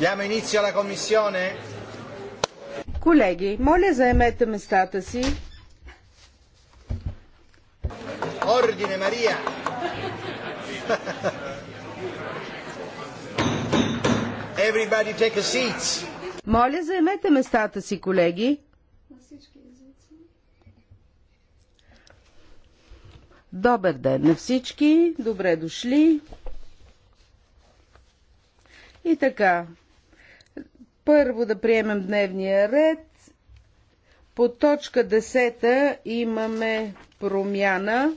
Diamo inizio alla commissione. Колеги, моля заемете местата си. Ордине, Мария! Everybody take a seat. Моля заемете местата си, колеги. Добър ден на всички, добре дошли. И така, първо да приемем дневния ред. По точка 10 имаме промяна.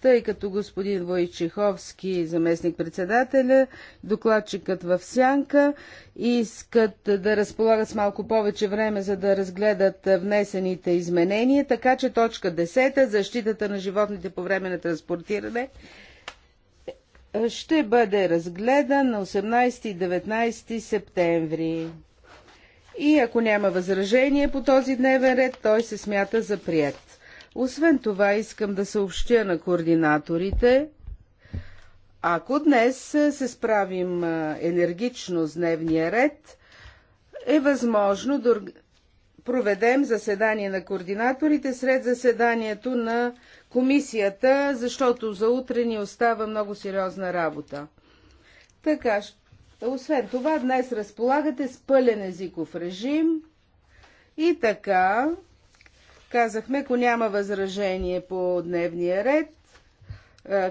Тъй като господин Войчеховски, заместник-председателя, докладчикът в Сянка, искат да разполагат с малко повече време, за да разгледат внесените изменения, така че точка 10, защитата на животните по време на транспортиране, ще бъде разгледан на 18 и 19 септември. И ако няма възражение по този дневен ред, той се смята за прият. Освен това, искам да съобщя на координаторите, ако днес се справим енергично с дневния ред, е възможно да проведем заседание на координаторите сред заседанието на комисията, защото за утре ни остава много сериозна работа. Така, освен това, днес разполагате с пълен езиков режим и така, казахме, ако няма възражение по дневния ред,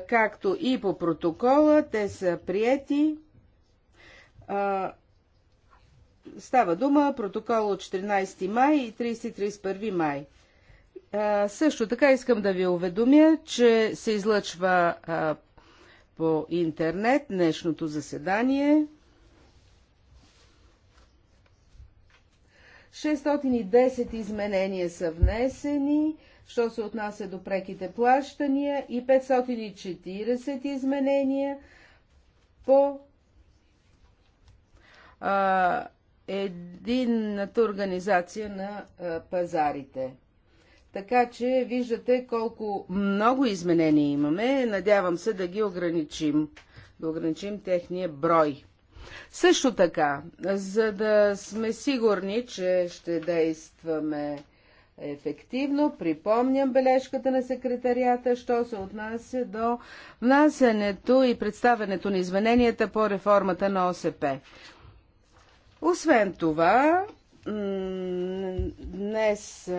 както и по протокола, те са приети. Става дума протокол от 14 май и 30-31 май. А, също така искам да ви уведомя, че се излъчва а, по интернет днешното заседание. 610 изменения са внесени, що се отнася до преките плащания и 540 изменения по а, единната организация на а, пазарите. Така че виждате колко много изменения имаме. Надявам се да ги ограничим, да ограничим техния брой. Също така, за да сме сигурни, че ще действаме ефективно, припомням бележката на секретарията, що се отнася до внасянето и представянето на измененията по реформата на ОСП. Освен това, днес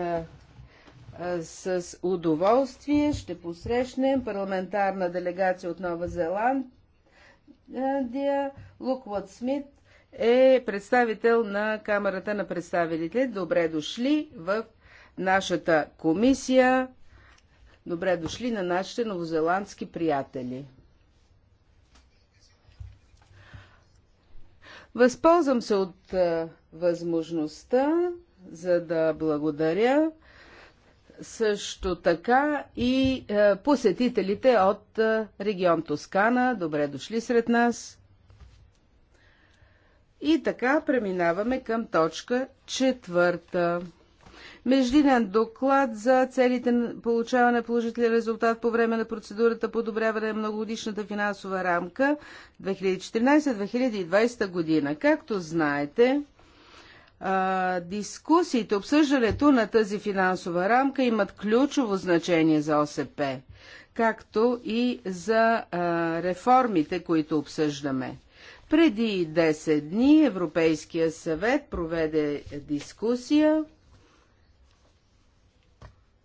с удоволствие ще посрещнем парламентарна делегация от Нова Зеландия. Луквот Смит е представител на Камерата на представителите. Добре дошли в нашата комисия. Добре дошли на нашите новозеландски приятели. Възползвам се от възможността, за да благодаря също така и е, посетителите от е, регион Тоскана. Добре дошли сред нас. И така преминаваме към точка четвърта. Междинен доклад за целите на получаване на положителен резултат по време на процедурата по одобряване на многогодишната финансова рамка 2014-2020 година. Както знаете, дискусиите, обсъждането на тази финансова рамка имат ключово значение за ОСП, както и за реформите, които обсъждаме. Преди 10 дни Европейския съвет проведе дискусия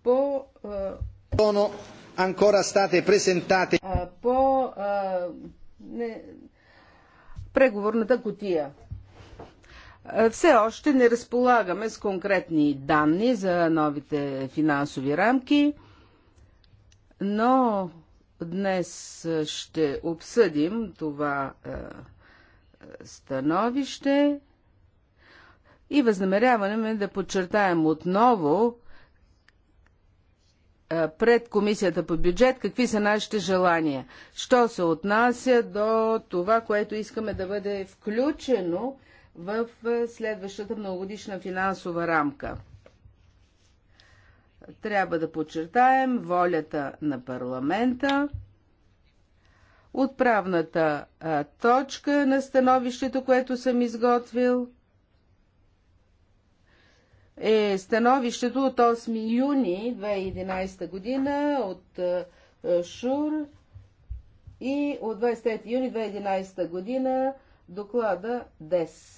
по ancora state presentate по преговорната котия. Е, все още не разполагаме с конкретни данни за новите финансови рамки, но днес е, ще обсъдим това е, становище и възнамеряваме да подчертаем отново пред Комисията по бюджет какви са нашите желания. Що се отнася до това, което искаме да бъде включено в следващата многогодишна финансова рамка. Трябва да подчертаем волята на парламента. Отправната точка на становището, което съм изготвил, е становището от 8 юни 2011 година от ШУР и от 25 юни 2011 година доклада ДЕС.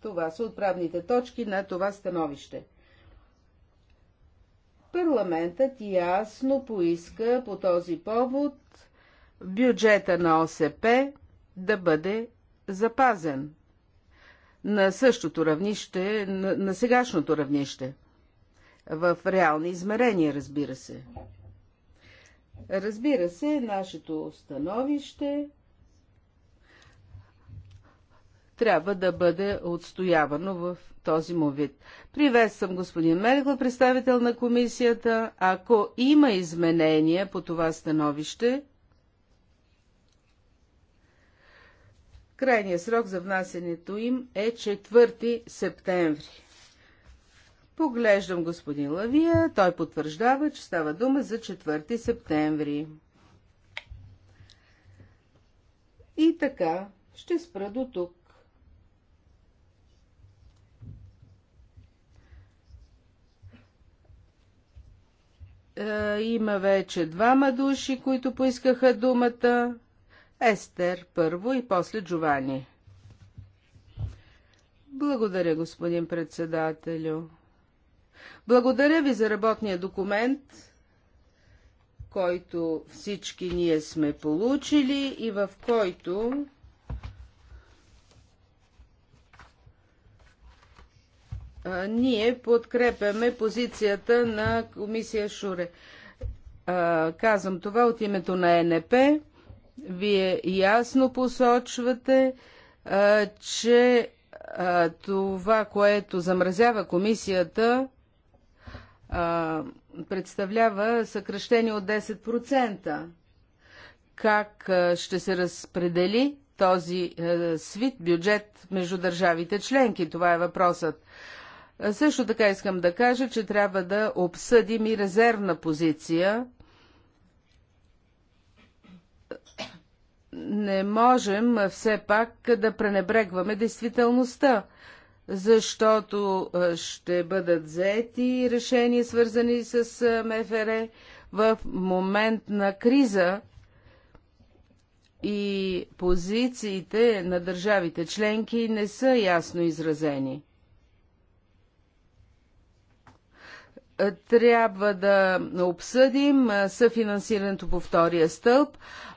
Това са отправните точки на това становище. Парламентът ясно поиска по този повод бюджета на ОСП да бъде запазен на същото равнище, на, на сегашното равнище. В реални измерения, разбира се. Разбира се, нашето становище трябва да бъде отстоявано в този му вид. Приветствам господин Мерго, представител на комисията. Ако има изменения по това становище, крайният срок за внасенето им е 4 септември. Поглеждам господин Лавия, той потвърждава, че става дума за 4 септември. И така, ще спра до тук. Е, има вече двама души, които поискаха думата. Естер първо и после Джовани. Благодаря, господин председателю. Благодаря ви за работния документ, който всички ние сме получили и в който ние подкрепяме позицията на комисия Шуре. Казвам това от името на НП. Вие ясно посочвате, че това, което замразява комисията, представлява съкръщение от 10%. Как ще се разпредели този свит бюджет между държавите членки? Това е въпросът. Също така искам да кажа, че трябва да обсъдим и резервна позиция. Не можем все пак да пренебрегваме действителността, защото ще бъдат взети решения, свързани с МФР в момент на криза и позициите на държавите членки не са ясно изразени. трябва да обсъдим съфинансирането по втория стълб.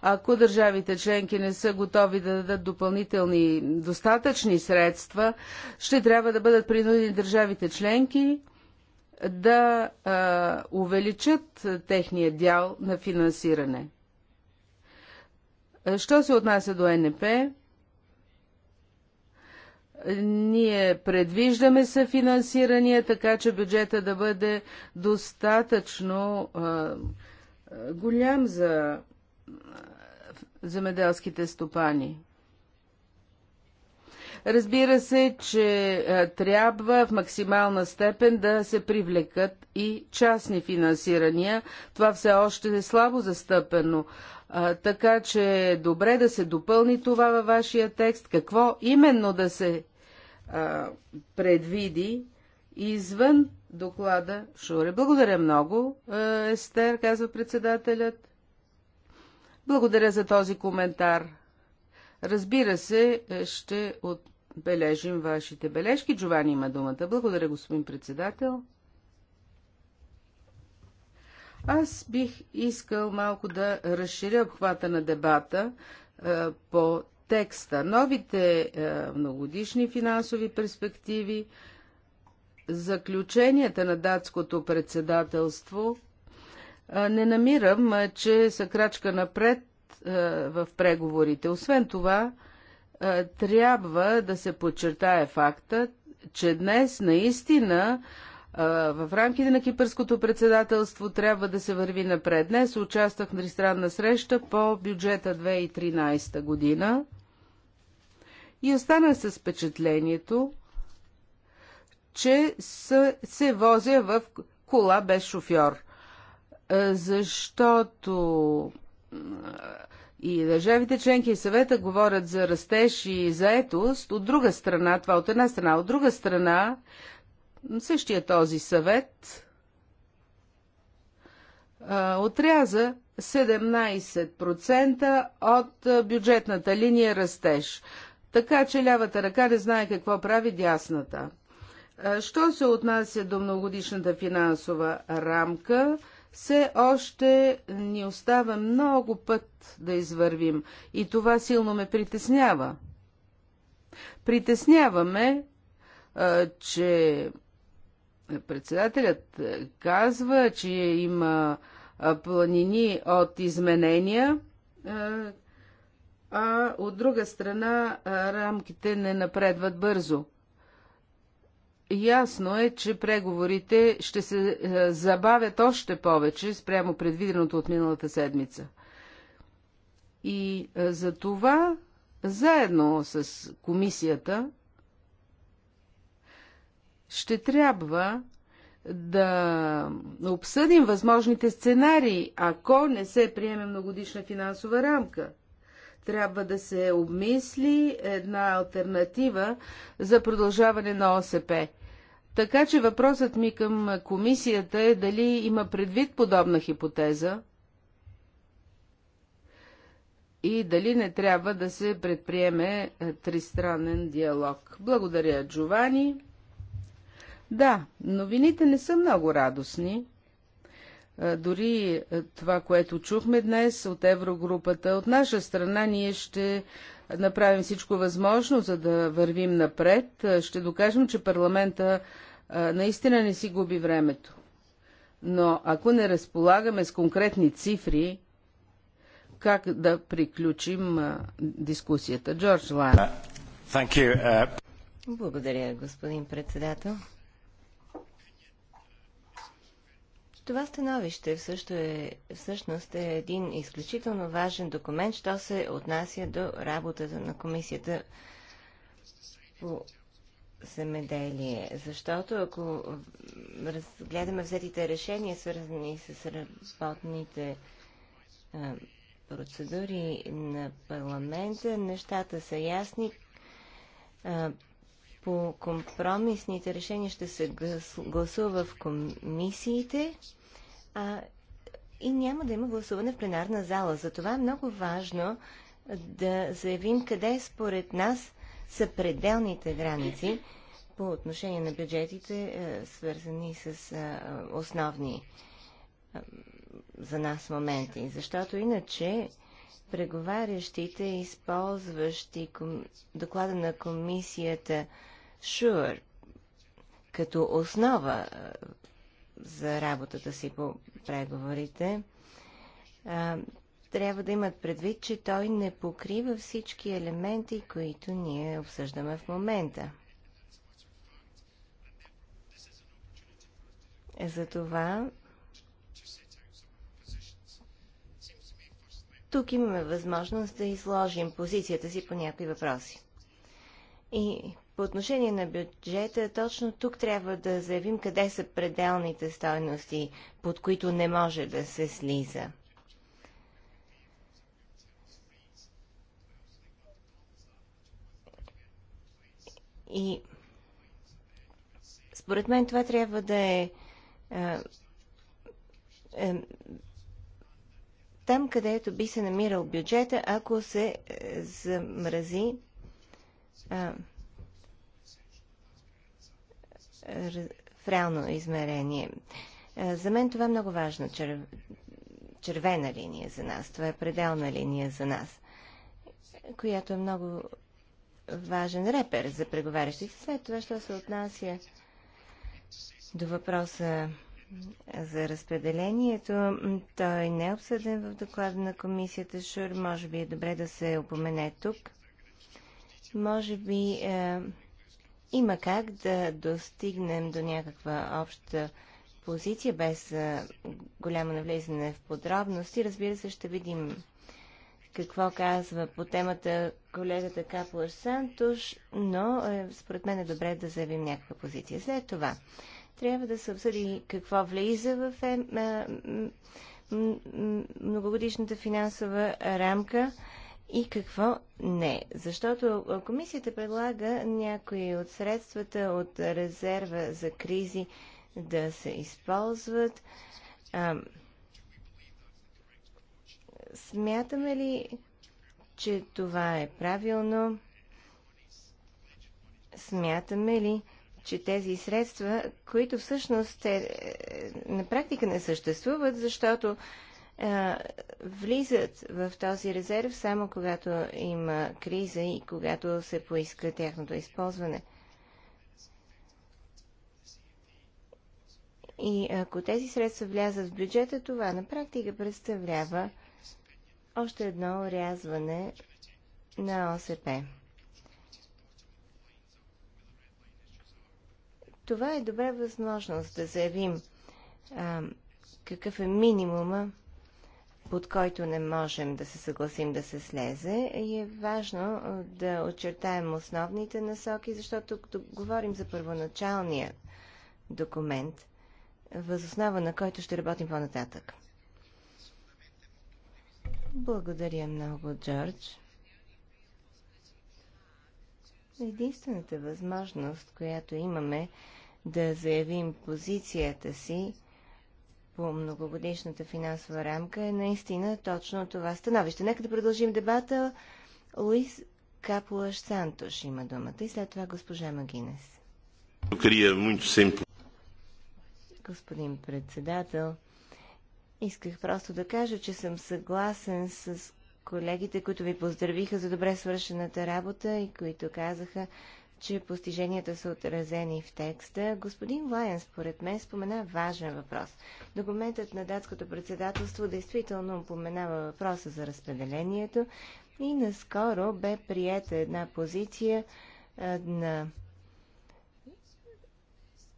Ако държавите членки не са готови да дадат допълнителни достатъчни средства, ще трябва да бъдат принудени държавите членки да а, увеличат техния дял на финансиране. Що се отнася до НП, ние предвиждаме съфинансирания, така че бюджета да бъде достатъчно а, голям за земеделските стопани. Разбира се, че а, трябва в максимална степен да се привлекат и частни финансирания. Това все още е слабо застъпено. А, така че добре да се допълни това във вашия текст. Какво именно да се а, предвиди извън доклада Шуре. Благодаря много, Естер, казва председателят. Благодаря за този коментар. Разбира се, ще отбележим вашите бележки. Джовани има думата. Благодаря, господин председател. Аз бих искал малко да разширя обхвата на дебата по текста. Новите е, многодишни финансови перспективи, заключенията на датското председателство, е, не намирам, е, че са крачка напред в преговорите. Освен това, трябва да се подчертае факта, че днес наистина в рамките на кипърското председателство трябва да се върви напред. Днес участвах в ристранна среща по бюджета 2013 година и остана с впечатлението, че се, се возя в кола без шофьор. Защото и държавите членки и съвета говорят за растеж и заетост, от друга страна, това от една страна, от друга страна Същия този съвет а, отряза 17% от бюджетната линия растеж. Така че лявата ръка не знае какво прави дясната. Що се отнася до многогодишната финансова рамка, все още ни остава много път да извървим и това силно ме притеснява. Притесняваме, че Председателят е, казва, че има планини от изменения, е, а от друга страна е, рамките не напредват бързо. Ясно е, че преговорите ще се забавят още повече спрямо предвиденото от миналата седмица. И за това, заедно с комисията, ще трябва да обсъдим възможните сценарии, ако не се приеме многодишна финансова рамка. Трябва да се обмисли една альтернатива за продължаване на ОСП. Така че въпросът ми към комисията е дали има предвид подобна хипотеза и дали не трябва да се предприеме тристранен диалог. Благодаря, Джовани. Да, новините не са много радостни. Дори това, което чухме днес от Еврогрупата, от наша страна ние ще направим всичко възможно, за да вървим напред. Ще докажем, че парламента наистина не си губи времето. Но ако не разполагаме с конкретни цифри, как да приключим дискусията. Джордж Лан. Uh, Благодаря, господин председател. Това становище също е, всъщност е един изключително важен документ, що се отнася до работата на комисията по земеделие. Защото ако разгледаме взетите решения, свързани с работните процедури на парламента, нещата са ясни по компромисните решения ще се гласува в комисиите а, и няма да има гласуване в пленарна зала. Затова е много важно да заявим къде според нас са пределните граници по отношение на бюджетите, е, свързани с е, основни е, за нас моменти. Защото иначе преговарящите, използващи доклада на комисията Шуър като основа за работата си по преговорите, трябва да имат предвид, че той не покрива всички елементи, които ние обсъждаме в момента. Затова тук имаме възможност да изложим позицията си по някои въпроси. И по отношение на бюджета, точно тук трябва да заявим къде са пределните стойности, под които не може да се слиза. И според мен това трябва да е, е, е там, където би се намирал бюджета, ако се е, замрази. Е, в реално измерение. Е, за мен това е много важно. Черв... Червена линия за нас. Това е пределна линия за нас, която е много важен репер за преговарящите. След това, що се отнася до въпроса за разпределението, той не е обсъден в доклада на комисията ШУР. Може би е добре да се опомене тук. Може би е, има как да достигнем до някаква обща позиция без голямо навлизане в подробности. Разбира се, ще видим какво казва по темата колегата Каплър Сантуш, но е, според мен е добре да заявим някаква позиция. След това трябва да се обсъди какво влиза в е, многогодишната финансова рамка и какво не. Защото комисията предлага някои от средствата от резерва за кризи да се използват. А, смятаме ли, че това е правилно? Смятаме ли, че тези средства, които всъщност е, е, на практика не съществуват, защото а, влизат в този резерв само когато има криза и когато се поиска тяхното използване. И ако тези средства влязат в бюджета, това на практика представлява още едно рязване на ОСП. Това е добра възможност да заявим а, какъв е минимума под който не можем да се съгласим да се слезе. И е важно да очертаем основните насоки, защото като говорим за първоначалния документ, възоснова на който ще работим по-нататък. Благодаря много, Джордж. Единствената възможност, която имаме да заявим позицията си, по многогодишната финансова рамка е наистина точно това становище. Нека да продължим дебата. Луис Капуаш Сантош има думата и след това госпожа Магинес. Господин председател, исках просто да кажа, че съм съгласен с колегите, които ви поздравиха за добре свършената работа и които казаха, че постиженията са отразени в текста. Господин Лайен, според мен, спомена важен въпрос. Документът на датското председателство действително упоменава въпроса за разпределението и наскоро бе приета една позиция на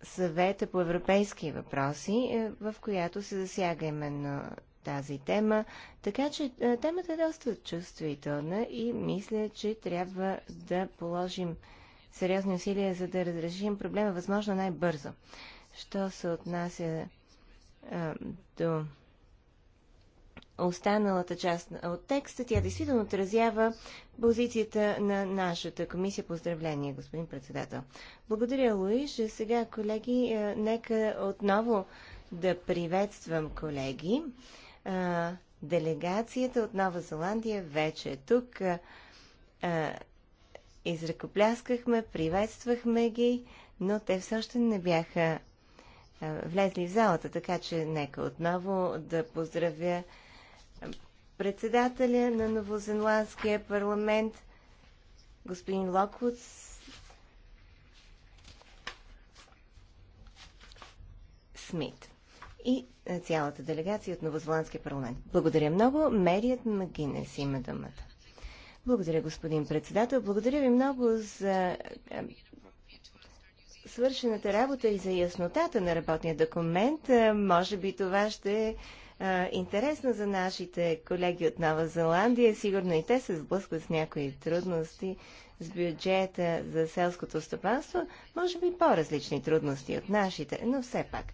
съвета по европейски въпроси, е, в която се засяга именно тази тема. Така че е, темата е доста чувствителна и мисля, че трябва да положим сериозни усилия, за да разрешим проблема възможно най-бързо. Що се отнася а, до останалата част от текста, тя действително отразява позицията на нашата комисия. Поздравление, господин председател. Благодаря, Луиш. Сега, колеги, нека отново да приветствам колеги. делегацията от Нова Зеландия вече е тук изръкопляскахме, приветствахме ги, но те все още не бяха влезли в залата, така че нека отново да поздравя председателя на Новозеландския парламент, господин Локвуд, Смит и цялата делегация от Новозеландския парламент. Благодаря много. Мерият Магинес има думата. Благодаря, господин председател. Благодаря ви много за е, свършената работа и за яснотата на работния документ. Е, може би това ще е интересно за нашите колеги от Нова Зеландия. Сигурно и те се сблъскват с някои трудности с бюджета за селското стопанство. Може би по-различни трудности от нашите, но все пак.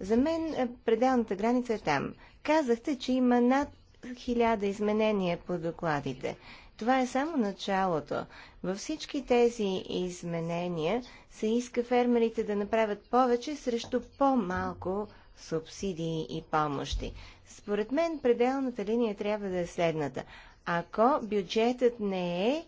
За мен е, пределната граница е там. Казахте, че има над хиляда изменения по докладите. Това е само началото. Във всички тези изменения се иска фермерите да направят повече срещу по-малко субсидии и помощи. Според мен пределната линия трябва да е следната. Ако бюджетът не е,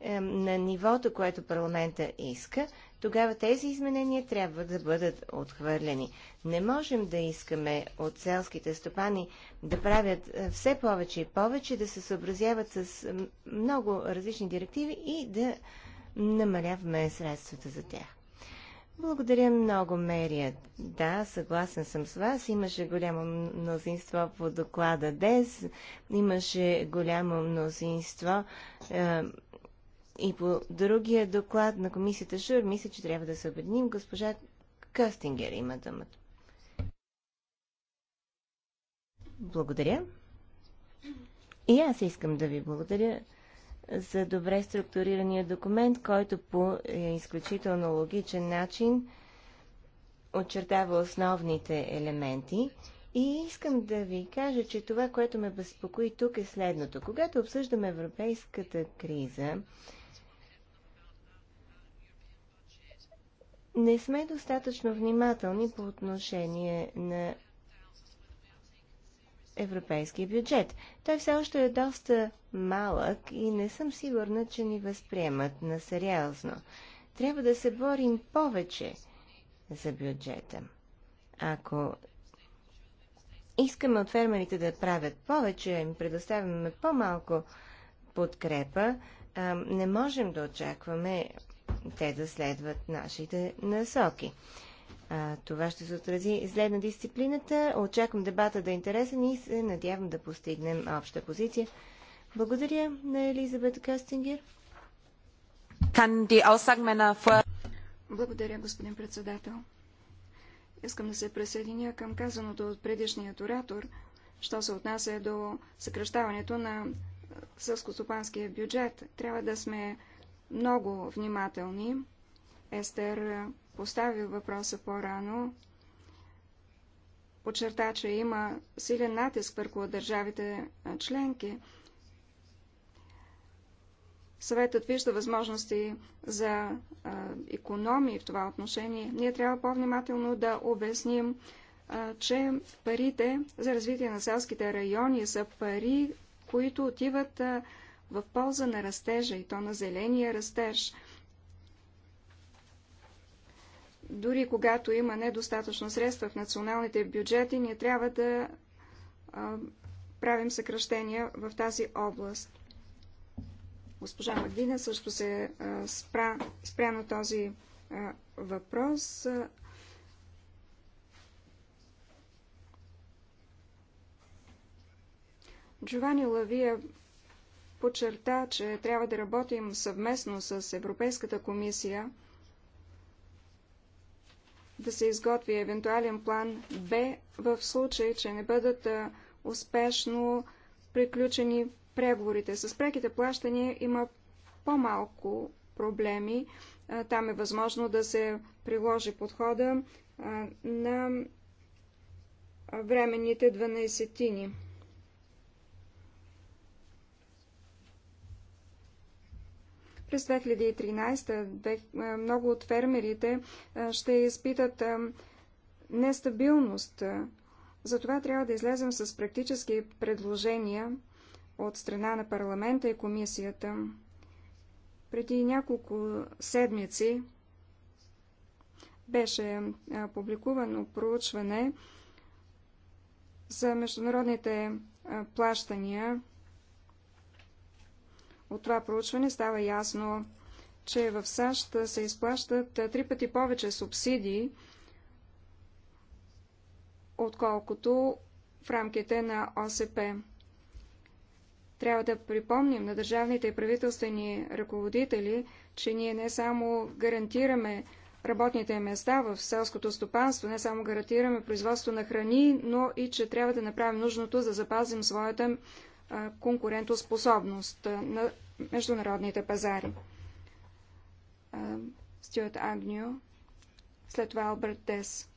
е на нивото, което парламента иска, тогава тези изменения трябва да бъдат отхвърлени. Не можем да искаме от селските стопани да правят е, все повече и повече, да се съобразяват с много различни директиви и да намаляваме средствата за тях. Благодаря много, Мерия. Да, съгласен съм с вас. Имаше голямо мнозинство по доклада ДЕС. Имаше голямо мнозинство е, и по другия доклад на комисията Шур, мисля, че трябва да се обедним. Госпожа Кастингер има думата. Благодаря. И аз искам да ви благодаря за добре структурирания документ, който по изключително логичен начин очертава основните елементи. И искам да ви кажа, че това, което ме безпокои тук е следното. Когато обсъждаме европейската криза, не сме достатъчно внимателни по отношение на европейския бюджет. Той все още е доста малък и не съм сигурна, че ни възприемат на сериозно. Трябва да се борим повече за бюджета. Ако искаме от фермерите да правят повече, им предоставяме по-малко подкрепа, не можем да очакваме те да следват нашите насоки. А, това ще се отрази зле на дисциплината. Очаквам дебата да е интересен и се надявам да постигнем обща позиция. Благодаря на Елизабет Кастингер. Благодаря, господин председател. Искам да се присъединя към казаното от предишният оратор, що се отнася до съкръщаването на сълскостопанския бюджет. Трябва да сме много внимателни. Естер постави въпроса по-рано. Подчерта, че има силен натиск върху държавите членки. Съветът вижда възможности за економии в това отношение. Ние трябва по-внимателно да обясним, че парите за развитие на селските райони са пари, които отиват в полза на растежа и то на зеления растеж. Дори когато има недостатъчно средства в националните бюджети, ние трябва да а, правим съкръщения в тази област. Госпожа Магдина също се а, спря на този а, въпрос. Джовани Лавия подчерта, че трябва да работим съвместно с Европейската комисия, да се изготви евентуален план Б в случай, че не бъдат успешно приключени преговорите. С преките плащания има по-малко проблеми. Там е възможно да се приложи подхода на временните 12 -тини. През 2013 много от фермерите ще изпитат нестабилност. Затова трябва да излезем с практически предложения от страна на парламента и комисията. Преди няколко седмици беше публикувано проучване за международните плащания от това проучване става ясно, че в САЩ се изплащат три пъти повече субсидии, отколкото в рамките на ОСП. Трябва да припомним на държавните и правителствени ръководители, че ние не само гарантираме работните места в селското стопанство, не само гарантираме производство на храни, но и че трябва да направим нужното, за да запазим своята конкурентоспособност на международните пазари. Стюарт Агню, след това Алберт Тес.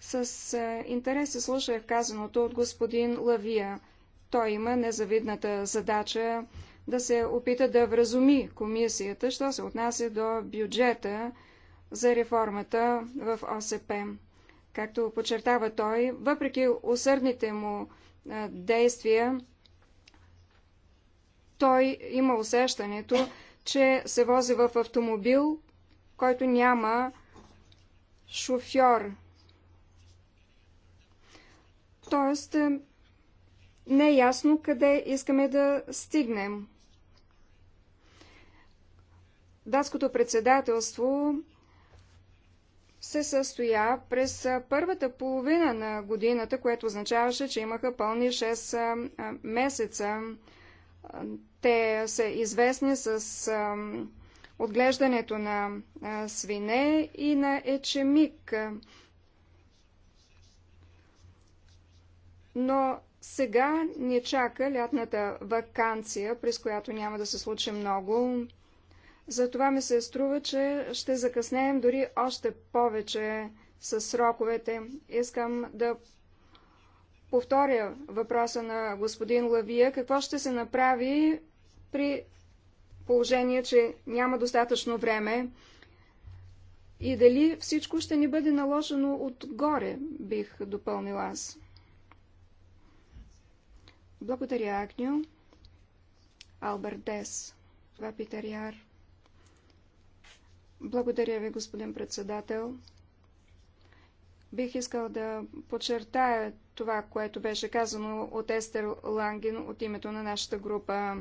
С интерес се слушах казаното от господин Лавия. Той има незавидната задача да се опита да вразуми комисията, що се отнася до бюджета за реформата в ОСП. Както подчертава той, въпреки усърдните му действия, той има усещането, че се вози в автомобил, който няма шофьор. Тоест, е, не е ясно къде искаме да стигнем. Датското председателство се състоя през първата половина на годината, което означаваше, че имаха пълни 6 месеца. Те са известни с отглеждането на свине и на ечемик. Но сега ни чака лятната вакансия, през която няма да се случи много. Затова ми се струва, че ще закъснеем дори още повече с сроковете. Искам да повторя въпроса на господин Лавия. Какво ще се направи при положение, че няма достатъчно време и дали всичко ще ни бъде наложено отгоре, бих допълнил аз. Благодаря, Агню. Алберт Дес, Вапитер е Яр. Благодаря ви, господин председател. Бих искал да подчертая това, което беше казано от Естер Лангин от името на нашата група,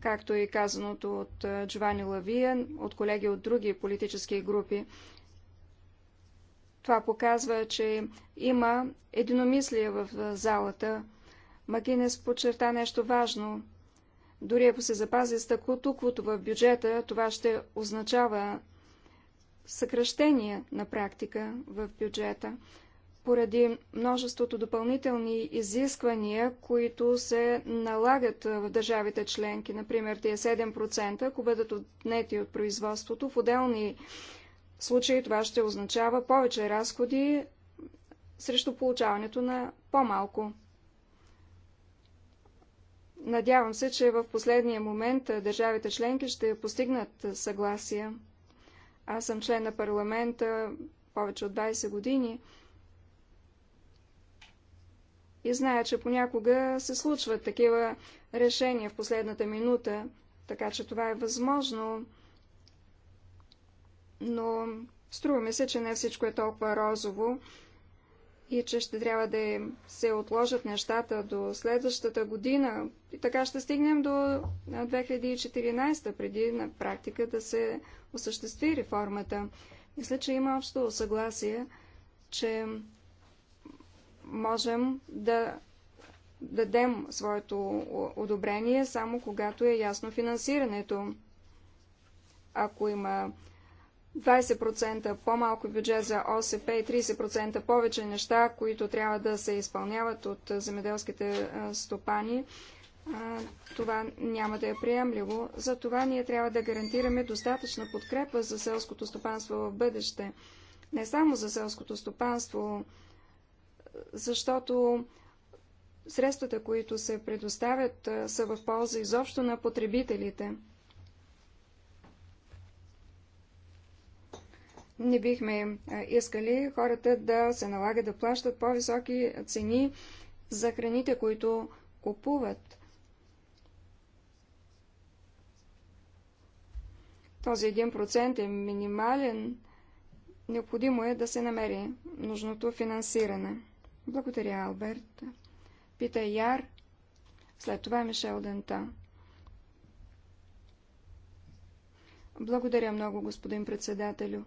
както и казаното от Джовани Лавия, от колеги от други политически групи. Това показва, че има единомислие в залата. Магинес подчерта нещо важно. Дори ако се запази стъклотуквото в бюджета, това ще означава съкръщения на практика в бюджета поради множеството допълнителни изисквания, които се налагат в държавите членки. Например, тия 7%, ако бъдат отнети от производството, в отделни случаи това ще означава повече разходи срещу получаването на по-малко. Надявам се, че в последния момент държавите членки ще постигнат съгласие. Аз съм член на парламента повече от 20 години и зная, че понякога се случват такива решения в последната минута, така че това е възможно, но струва ми се, че не всичко е толкова розово и че ще трябва да се отложат нещата до следващата година. И така ще стигнем до 2014, преди на практика да се осъществи реформата. Мисля, че има общо съгласие, че можем да дадем своето одобрение само когато е ясно финансирането. Ако има 20% по-малко бюджет за ОСП и 30% повече неща, които трябва да се изпълняват от земеделските стопани, това няма да е приемливо. Затова ние трябва да гарантираме достатъчна подкрепа за селското стопанство в бъдеще. Не само за селското стопанство, защото средствата, които се предоставят, са в полза изобщо на потребителите. Не бихме искали хората да се налагат да плащат по-високи цени за храните, които купуват. Този 1% е минимален. Необходимо е да се намери нужното финансиране. Благодаря, Алберт. Пита Яр. След това е Мишел Дента. Благодаря много, господин председателю.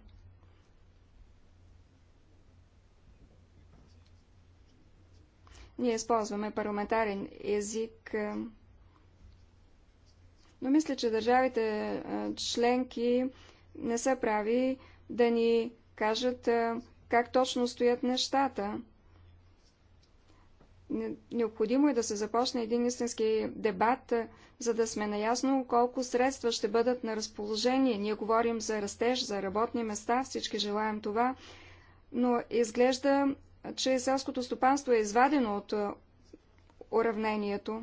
Ние използваме парламентарен език но мисля, че държавите членки не са прави да ни кажат как точно стоят нещата. Необходимо е да се започне един истински дебат, за да сме наясно колко средства ще бъдат на разположение. Ние говорим за растеж, за работни места, всички желаем това, но изглежда, че селското стопанство е извадено от уравнението.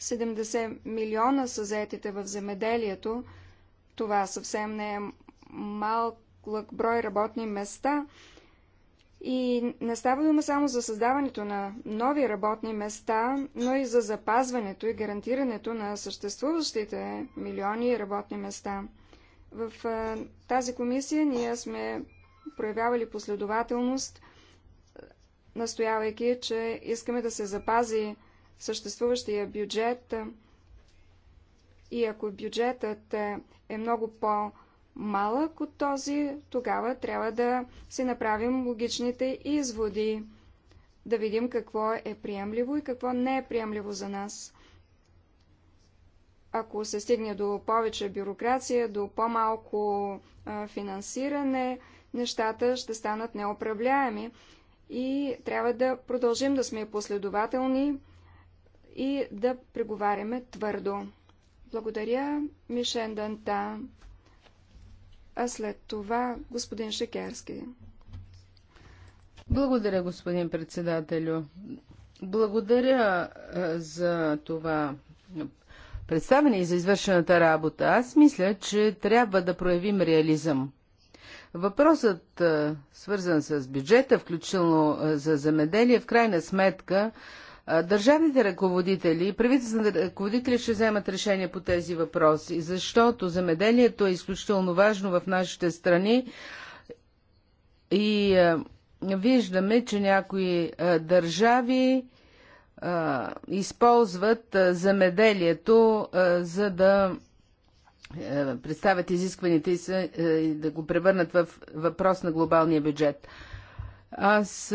70 милиона са заетите в земеделието. Това съвсем не е малък брой работни места. И не става дума само за създаването на нови работни места, но и за запазването и гарантирането на съществуващите милиони работни места. В тази комисия ние сме проявявали последователност, настоявайки, че искаме да се запази съществуващия бюджет и ако бюджетът е много по-малък от този, тогава трябва да си направим логичните изводи, да видим какво е приемливо и какво не е приемливо за нас. Ако се стигне до повече бюрокрация, до по-малко финансиране, нещата ще станат неуправляеми и трябва да продължим да сме последователни и да преговаряме твърдо. Благодаря, Мишен Данта. А след това господин Шекерски. Благодаря, господин председателю. Благодаря е, за това представене и за извършената работа. Аз мисля, че трябва да проявим реализъм. Въпросът, е, свързан с бюджета, включително е, за замеделие, в крайна сметка Държавните ръководители и правителствените ръководители ще вземат решение по тези въпроси, защото замеделието е изключително важно в нашите страни и виждаме, че някои държави използват замеделието, за да представят изискваните и да го превърнат в въпрос на глобалния бюджет. Аз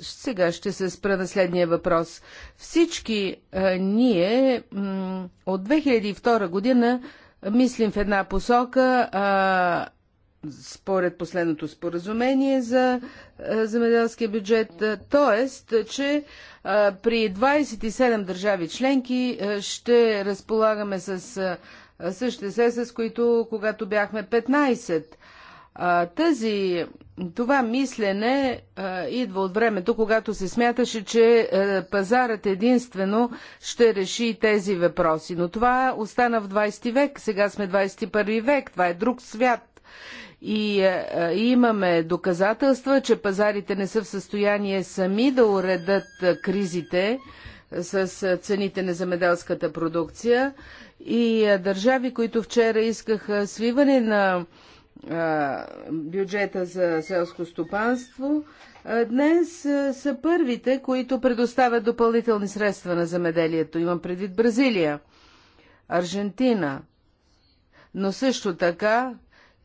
сега ще се спра на следния въпрос. Всички а, ние от 2002 година мислим в една посока, а, според последното споразумение за земеделския бюджет, т.е. че а, при 27 държави членки а, ще разполагаме с същите се, с които когато бяхме 15. Тази, това мислене идва от времето, когато се смяташе, че пазарът единствено ще реши тези въпроси. Но това остана в 20 век, сега сме 21 век, това е друг свят. И имаме доказателства, че пазарите не са в състояние сами да уредат кризите с цените на земеделската продукция. И държави, които вчера искаха свиване на бюджета за селско стопанство, днес са първите, които предоставят допълнителни средства на замеделието. Имам предвид Бразилия, Аржентина, но също така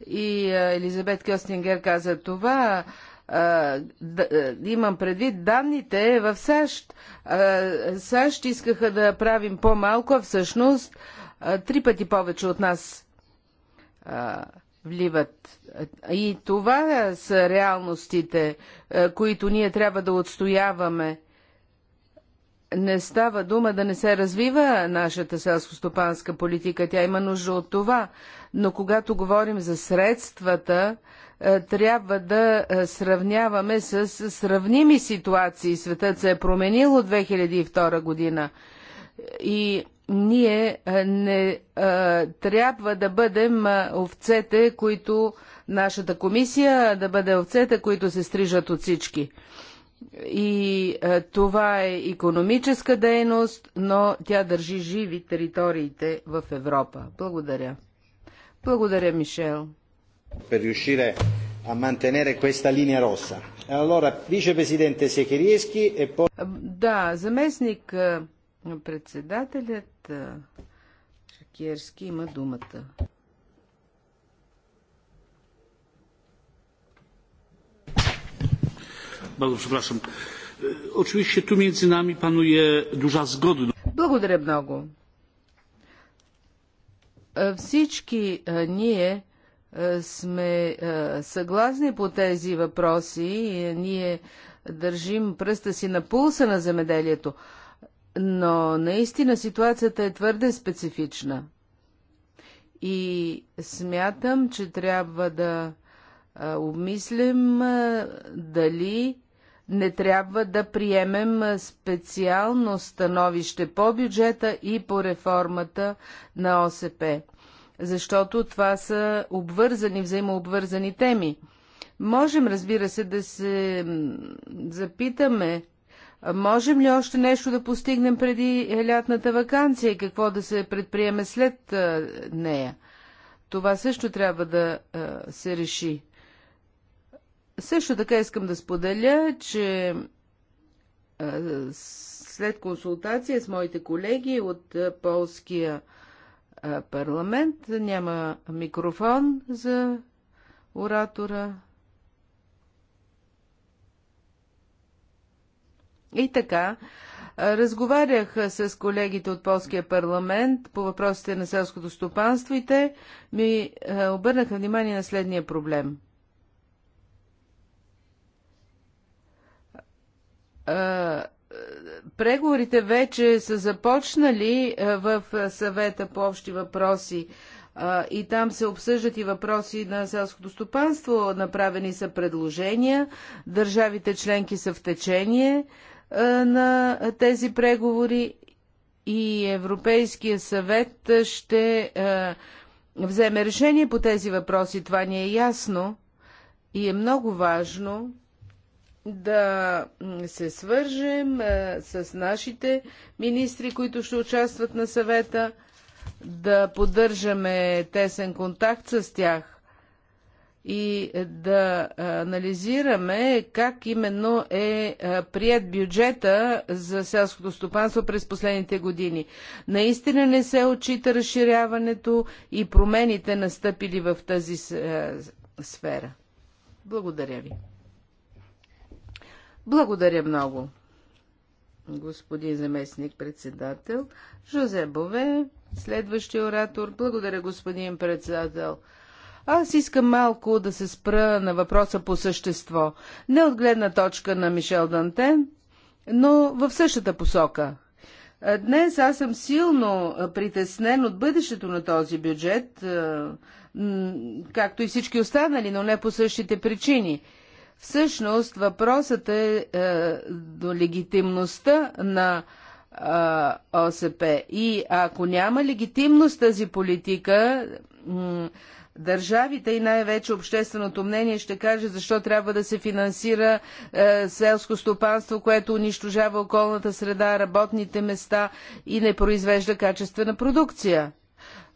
и Елизабет Кьостингер каза това, имам предвид данните в САЩ. САЩ искаха да правим по-малко, а всъщност три пъти повече от нас вливат. И това са реалностите, е, които ние трябва да отстояваме. Не става дума да не се развива нашата селскостопанска политика, тя има нужда от това. Но когато говорим за средствата, е, трябва да е, сравняваме с сравними ситуации. Светът се е променил от 2002 година. И ние е, не а, е, трябва да бъдем е, овцете, които нашата комисия да бъде овцете, които се стрижат от всички. И а, това е економическа дейност, но тя държи живи териториите в Европа. Благодаря. Благодаря, Мишел. Per riuscire a mantenere questa linea rossa. Allora, vicepresidente Secherieschi e poi... Да, заместник Председателят Шакерски има думата. Много przepraszam. Очевидно, тук между нами panuje duża zgodność. Благодаря много. Е, всички е, ние е, сме съгласни по тези въпроси и ние държим пръста си на пулса на земеделието. Но наистина ситуацията е твърде специфична. И смятам, че трябва да обмислим дали не трябва да приемем специално становище по бюджета и по реформата на ОСП, защото това са обвързани, взаимообвързани теми. Можем, разбира се, да се запитаме Можем ли още нещо да постигнем преди лятната вакансия и какво да се предприеме след нея? Това също трябва да се реши. Също така искам да споделя, че след консултация с моите колеги от полския парламент няма микрофон за оратора. И така, разговарях с колегите от Полския парламент по въпросите на селското стопанство и те ми обърнаха внимание на следния проблем. Преговорите вече са започнали в съвета по общи въпроси и там се обсъждат и въпроси на селското стопанство. Направени са предложения, държавите членки са в течение. Е, на тези преговори и Европейския съвет ще е, вземе решение по тези въпроси. Това ни е ясно и е много важно да се свържем е, с нашите министри, които ще участват на съвета, да поддържаме тесен контакт с тях и е, да е, анализираме как именно е, е прият бюджета за селското стопанство през последните години. Наистина не се отчита разширяването и промените настъпили в тази сфера. Благодаря ви. Благодаря много, господин заместник-председател. Жозе Бове, следващия оратор. Благодаря, господин председател. Аз искам малко да се спра на въпроса по същество. Не от гледна точка на Мишел Дантен, но в същата посока. Днес аз съм силно притеснен от бъдещето на този бюджет, както и всички останали, но не по същите причини. Всъщност въпросът е, е до легитимността на ОСП. И ако няма легитимност тази политика, държавите и най-вече общественото мнение ще каже защо трябва да се финансира е, селско стопанство, което унищожава околната среда, работните места и не произвежда качествена продукция.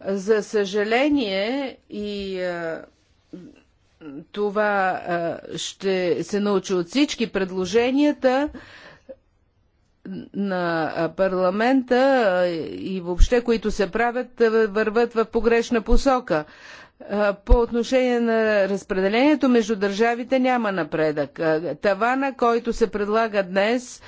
За съжаление и е, това е, ще се научи от всички предложенията, на парламента и въобще, които се правят, е, върват в погрешна посока. По отношение на разпределението между държавите няма напредък. Тавана, който се предлага днес,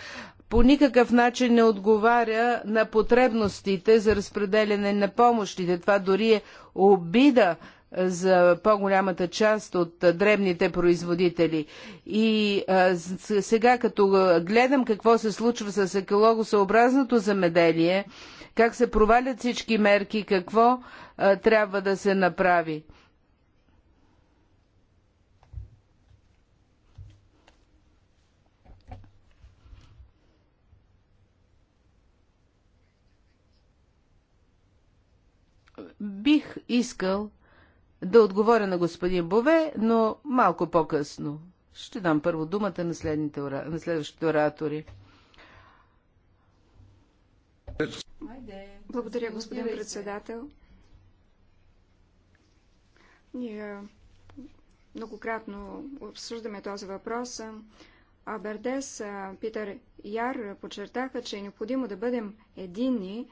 по никакъв начин не отговаря на потребностите за разпределяне на помощите. Това дори е обида за по-голямата част от дребните производители. И сега, като гледам какво се случва с екологосъобразното замеделие, как се провалят всички мерки, какво а, трябва да се направи. Бих искал да отговоря на господин Бове, но малко по-късно. Ще дам първо думата на, на следващите оратори. Благодаря, господин председател. Ние многократно обсъждаме този въпрос. Абердес, Питър Яр подчертаха, че е необходимо да бъдем единни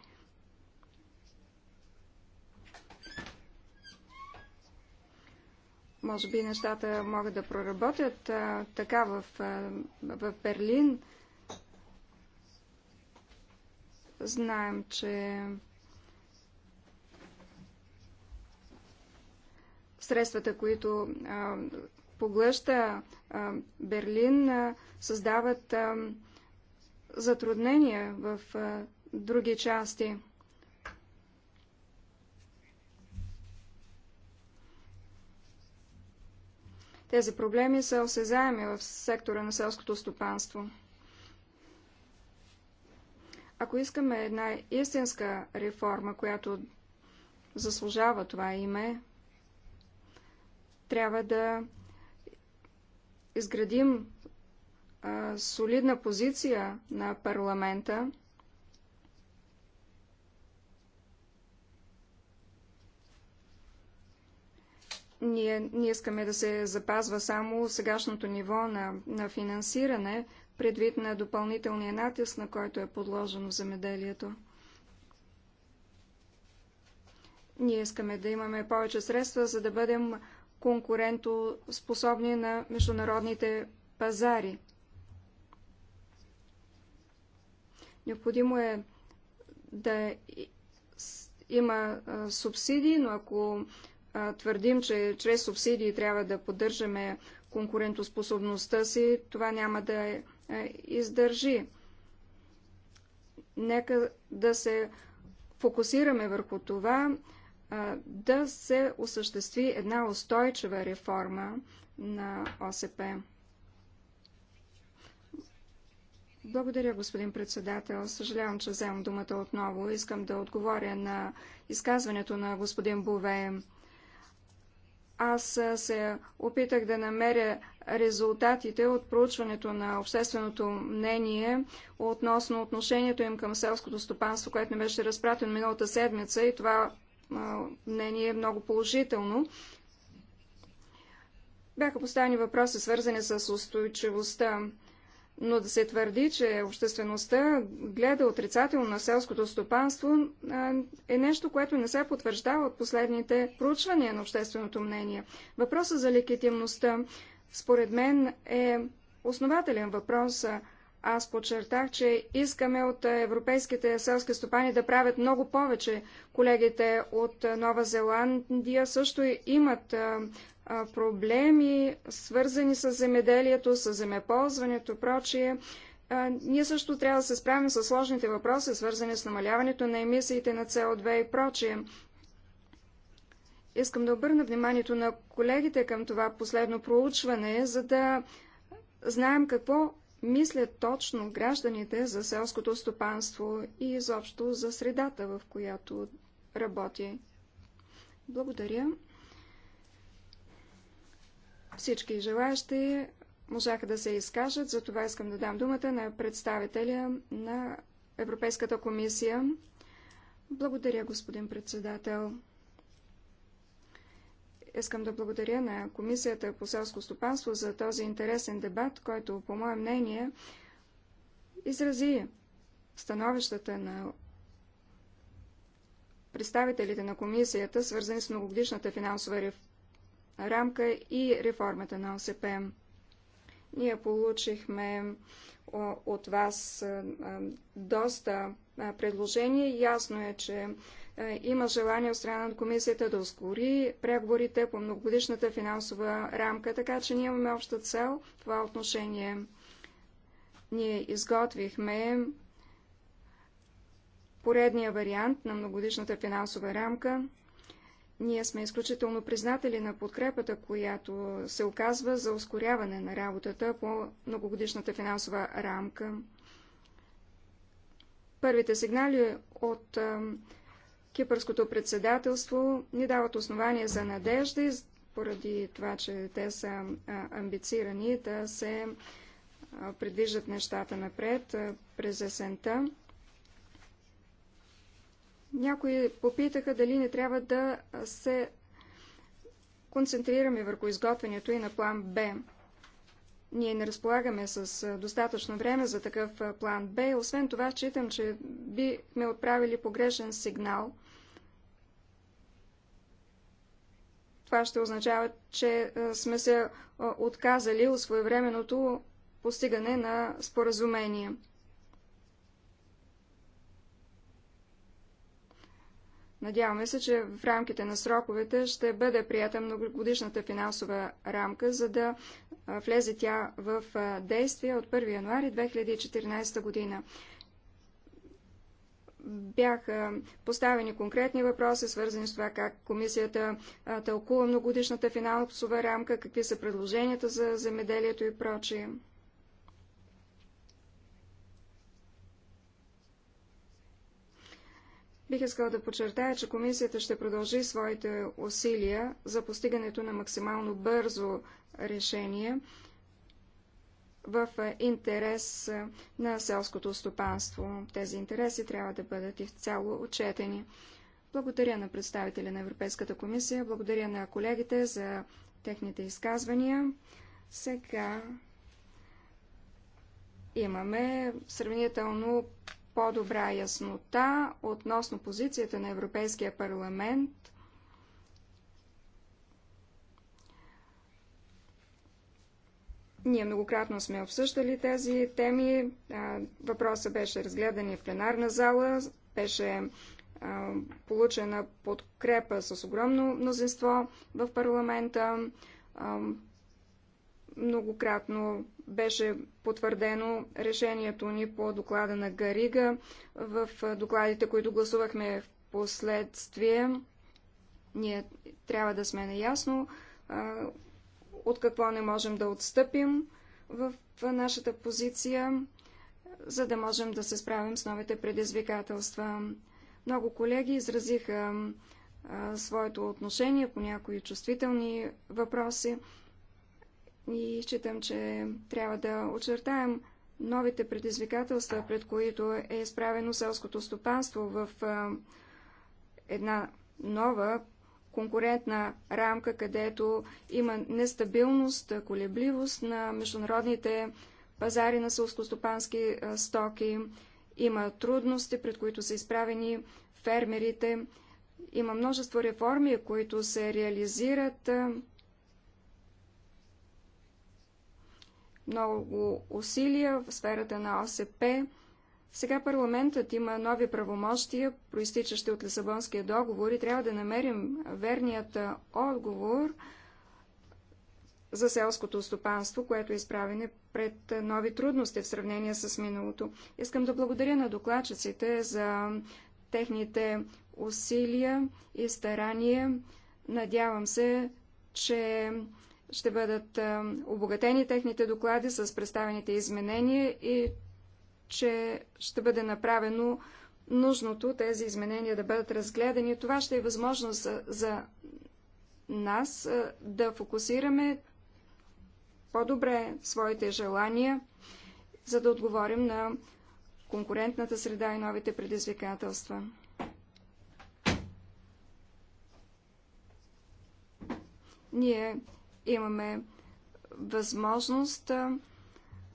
може би нещата могат да проработят а, така в, а, в Берлин. Знаем, че средствата, които поглъща Берлин, създават затруднения в други части. Тези проблеми са осезаеми в сектора на селското стопанство. Ако искаме една истинска реформа, която заслужава това име, трябва да изградим а, солидна позиция на парламента. Ние, ние искаме да се запазва само сегашното ниво на, на финансиране, предвид на допълнителния натиск, на който е подложено земеделието. Ние искаме да имаме повече средства, за да бъдем конкурентоспособни на международните пазари. Необходимо е да има субсидии, но ако твърдим, че чрез субсидии трябва да поддържаме конкурентоспособността си, това няма да е е, издържи. Нека да се фокусираме върху това, е, да се осъществи една устойчива реформа на ОСП. Благодаря, господин председател. Съжалявам, че вземам думата отново. Искам да отговоря на изказването на господин Бове аз се опитах да намеря резултатите от проучването на общественото мнение относно отношението им към селското стопанство, което ми беше разпратено миналата седмица и това мнение е много положително. Бяха поставени въпроси, свързани с устойчивостта. Но да се твърди, че обществеността гледа отрицателно на селското стопанство е нещо, което не се потвърждава от последните проучвания на общественото мнение. Въпросът за легитимността, според мен, е основателен въпрос. Аз подчертах, че искаме от европейските селски стопани да правят много повече. Колегите от Нова Зеландия също имат проблеми, свързани с земеделието, с земеползването, и прочие. Ние също трябва да се справим с сложните въпроси, свързани с намаляването на емисиите на СО2 и прочие. Искам да обърна вниманието на колегите към това последно проучване, за да знаем какво мислят точно гражданите за селското стопанство и изобщо за средата, в която работи. Благодаря. Всички желаящи можаха да се изкажат, затова искам да дам думата на представителя на Европейската комисия. Благодаря, господин председател. Искам да благодаря на Комисията по селско стопанство за този интересен дебат, който, по мое мнение, изрази становищата на представителите на комисията, свързани с многогодишната финансова рамка и реформата на ОСП. Ние получихме от вас доста предложения. Ясно е, че има желание от страна на комисията да ускори преговорите по многогодишната финансова рамка, така че ние имаме обща цел в това отношение. Ние изготвихме поредния вариант на многодишната финансова рамка. Ние сме изключително признатели на подкрепата, която се оказва за ускоряване на работата по многогодишната финансова рамка. Първите сигнали от Кипърското председателство ни дават основания за надежда поради това, че те са амбицирани да се предвиждат нещата напред през есента. Някои попитаха дали не трябва да се концентрираме върху изготвянето и на план Б. Ние не разполагаме с достатъчно време за такъв план Б. Освен това, считам, че бихме отправили погрешен сигнал. Това ще означава, че сме се отказали от своевременното постигане на споразумение. Надяваме се, че в рамките на сроковете ще бъде прията многогодишната финансова рамка, за да влезе тя в действие от 1 януари 2014 година. Бяха поставени конкретни въпроси, свързани с това как комисията тълкува многодишната финансова рамка, какви са предложенията за земеделието и прочие. Бих искал да подчертая, че комисията ще продължи своите усилия за постигането на максимално бързо решение в интерес на селското стопанство. Тези интереси трябва да бъдат и цяло отчетени. Благодаря на представителя на Европейската комисия, благодаря на колегите за техните изказвания. Сега имаме сравнително по-добра яснота относно позицията на Европейския парламент Ние многократно сме обсъждали тези теми. Въпросът беше разгледан и в пленарна зала. Беше получена подкрепа с огромно мнозинство в парламента. Многократно беше потвърдено решението ни по доклада на Гарига. В докладите, които гласувахме в последствие, ние трябва да сме наясно от какво не можем да отстъпим в нашата позиция, за да можем да се справим с новите предизвикателства. Много колеги изразиха своето отношение по някои чувствителни въпроси. И считам, че трябва да очертаем новите предизвикателства, пред които е изправено селското стопанство в една нова конкурентна рамка, където има нестабилност, колебливост на международните пазари на селскостопански стоки, има трудности, пред които са изправени фермерите, има множество реформи, които се реализират много усилия в сферата на ОСП. Сега парламентът има нови правомощия, проистичащи от Лисабонския договор и трябва да намерим верният отговор за селското стопанство, което е изправене пред нови трудности в сравнение с миналото. Искам да благодаря на докладчиците за техните усилия и старания. Надявам се, че ще бъдат обогатени техните доклади с представените изменения и че ще бъде направено нужното тези изменения да бъдат разгледани. Това ще е възможност за, за нас да фокусираме по-добре своите желания, за да отговорим на конкурентната среда и новите предизвикателства. Ние Имаме възможност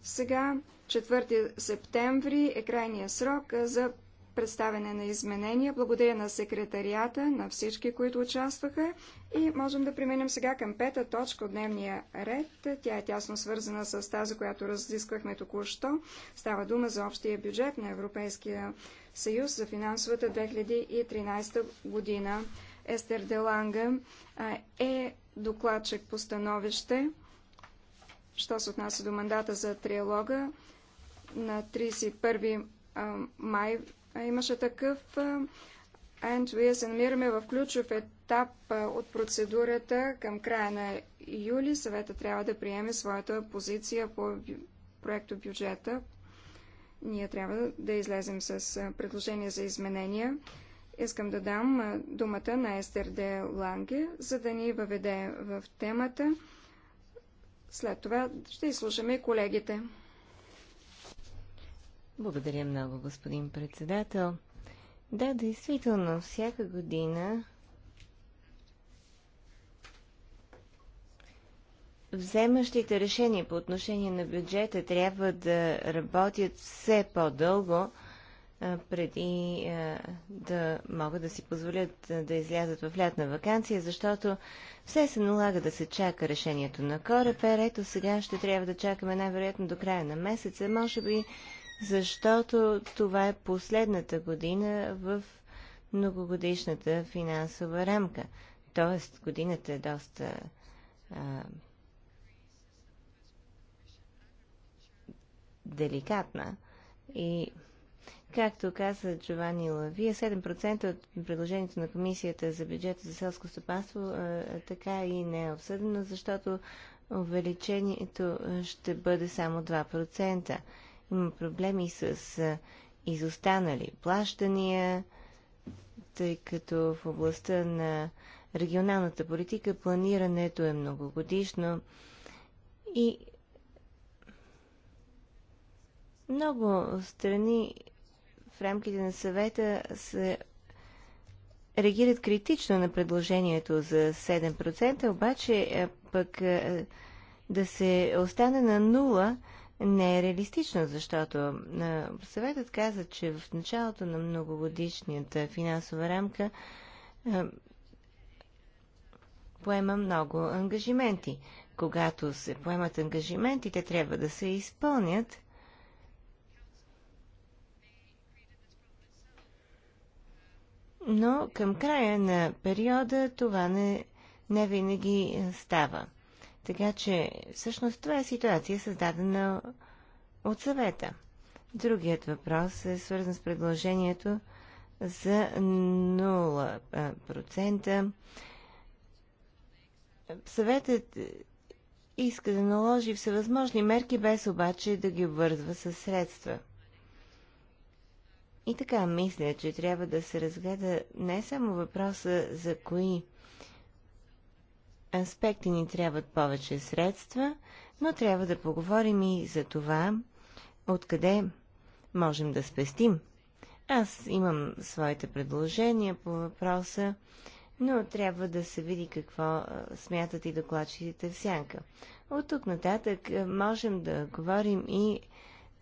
сега 4 септември е крайния срок за представяне на изменения. Благодаря на секретарията, на всички, които участваха и можем да преминем сега към пета точка от дневния ред. Тя е тясно свързана с тази, която разисквахме току-що. Става дума за общия бюджет на Европейския съюз за финансовата 2013 година. Естер Деланга е докладчик по становище, що се отнася до мандата за триалога. На 31 май имаше такъв. And вие се намираме в ключов етап от процедурата към края на юли. Съвета трябва да приеме своята позиция по проекто бюджета. Ние трябва да излезем с предложение за изменения. Искам да дам думата на Естер Де Ланге, за да ни въведе в темата. След това ще изслушаме колегите. Благодаря много, господин председател. Да, действително, всяка година вземащите решения по отношение на бюджета трябва да работят все по-дълго – преди да могат да си позволят да излязат в лятна вакансия, защото все се налага да се чака решението на Корепер. Ето сега ще трябва да чакаме най-вероятно до края на месеца, може би защото това е последната година в многогодишната финансова рамка. Тоест годината е доста деликатна и Както каза Джованни Лавия, 7% от предложението на Комисията за бюджета за селско стопанство е, така и не е обсъдено, защото увеличението ще бъде само 2%. Има проблеми с е, изостанали плащания, тъй като в областта на регионалната политика планирането е многогодишно и много страни рамките на съвета се реагират критично на предложението за 7%, обаче е, пък е, да се остане на нула не е реалистично, защото е, съветът каза, че в началото на многогодишната финансова рамка поема много ангажименти. Когато се поемат ангажименти, те трябва да се изпълнят но към края на периода това не, не винаги става. Така че, всъщност, това е ситуация създадена от съвета. Другият въпрос е свързан с предложението за 0%. Съветът иска да наложи всевъзможни мерки, без обаче да ги обвързва с средства – и така, мисля, че трябва да се разгледа не само въпроса за кои аспекти ни трябват повече средства, но трябва да поговорим и за това, откъде можем да спестим. Аз имам своите предложения по въпроса, но трябва да се види какво смятат и докладчиците в сянка. От тук нататък можем да говорим и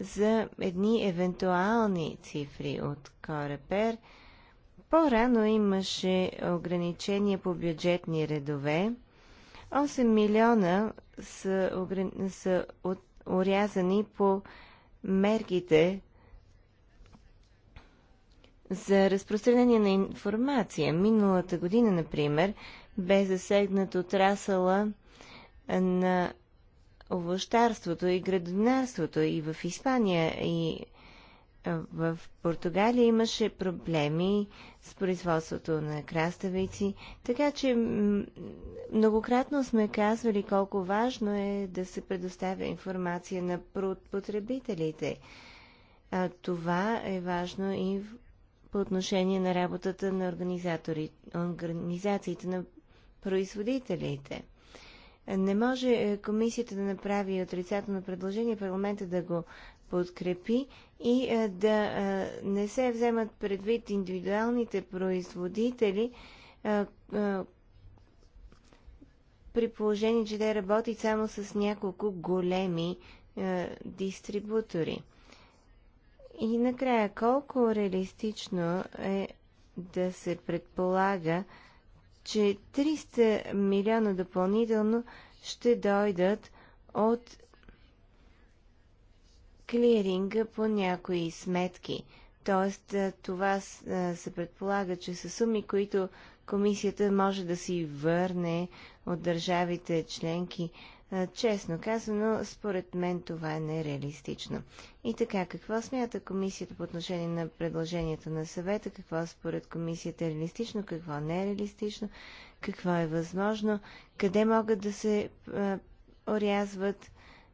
за едни евентуални цифри от Корепер. По-рано имаше ограничения по бюджетни редове. 8 милиона са, ограни... са от... урязани по мерките за разпространение на информация. Миналата година, например, бе засегнат отрасъла на овощарството и градонарството. И в Испания, и в Португалия имаше проблеми с производството на краставици, така че многократно сме казвали колко важно е да се предоставя информация на потребителите. това е важно и по отношение на работата на организаторите, организациите на производителите. Не може е, комисията да направи отрицателно предложение, парламента да го подкрепи и е, да е, не се вземат предвид индивидуалните производители, при положение, че те работят само с няколко големи дистрибутори. И накрая, колко реалистично е да се предполага че 300 милиона допълнително ще дойдат от клиринга по някои сметки. Тоест, това се предполага, че са суми, които комисията може да си върне от държавите членки Честно казано, според мен това е нереалистично. И така, какво смята комисията по отношение на предложението на съвета? Какво според комисията е реалистично? Какво не е реалистично? Какво е възможно? Къде могат да се а, орязват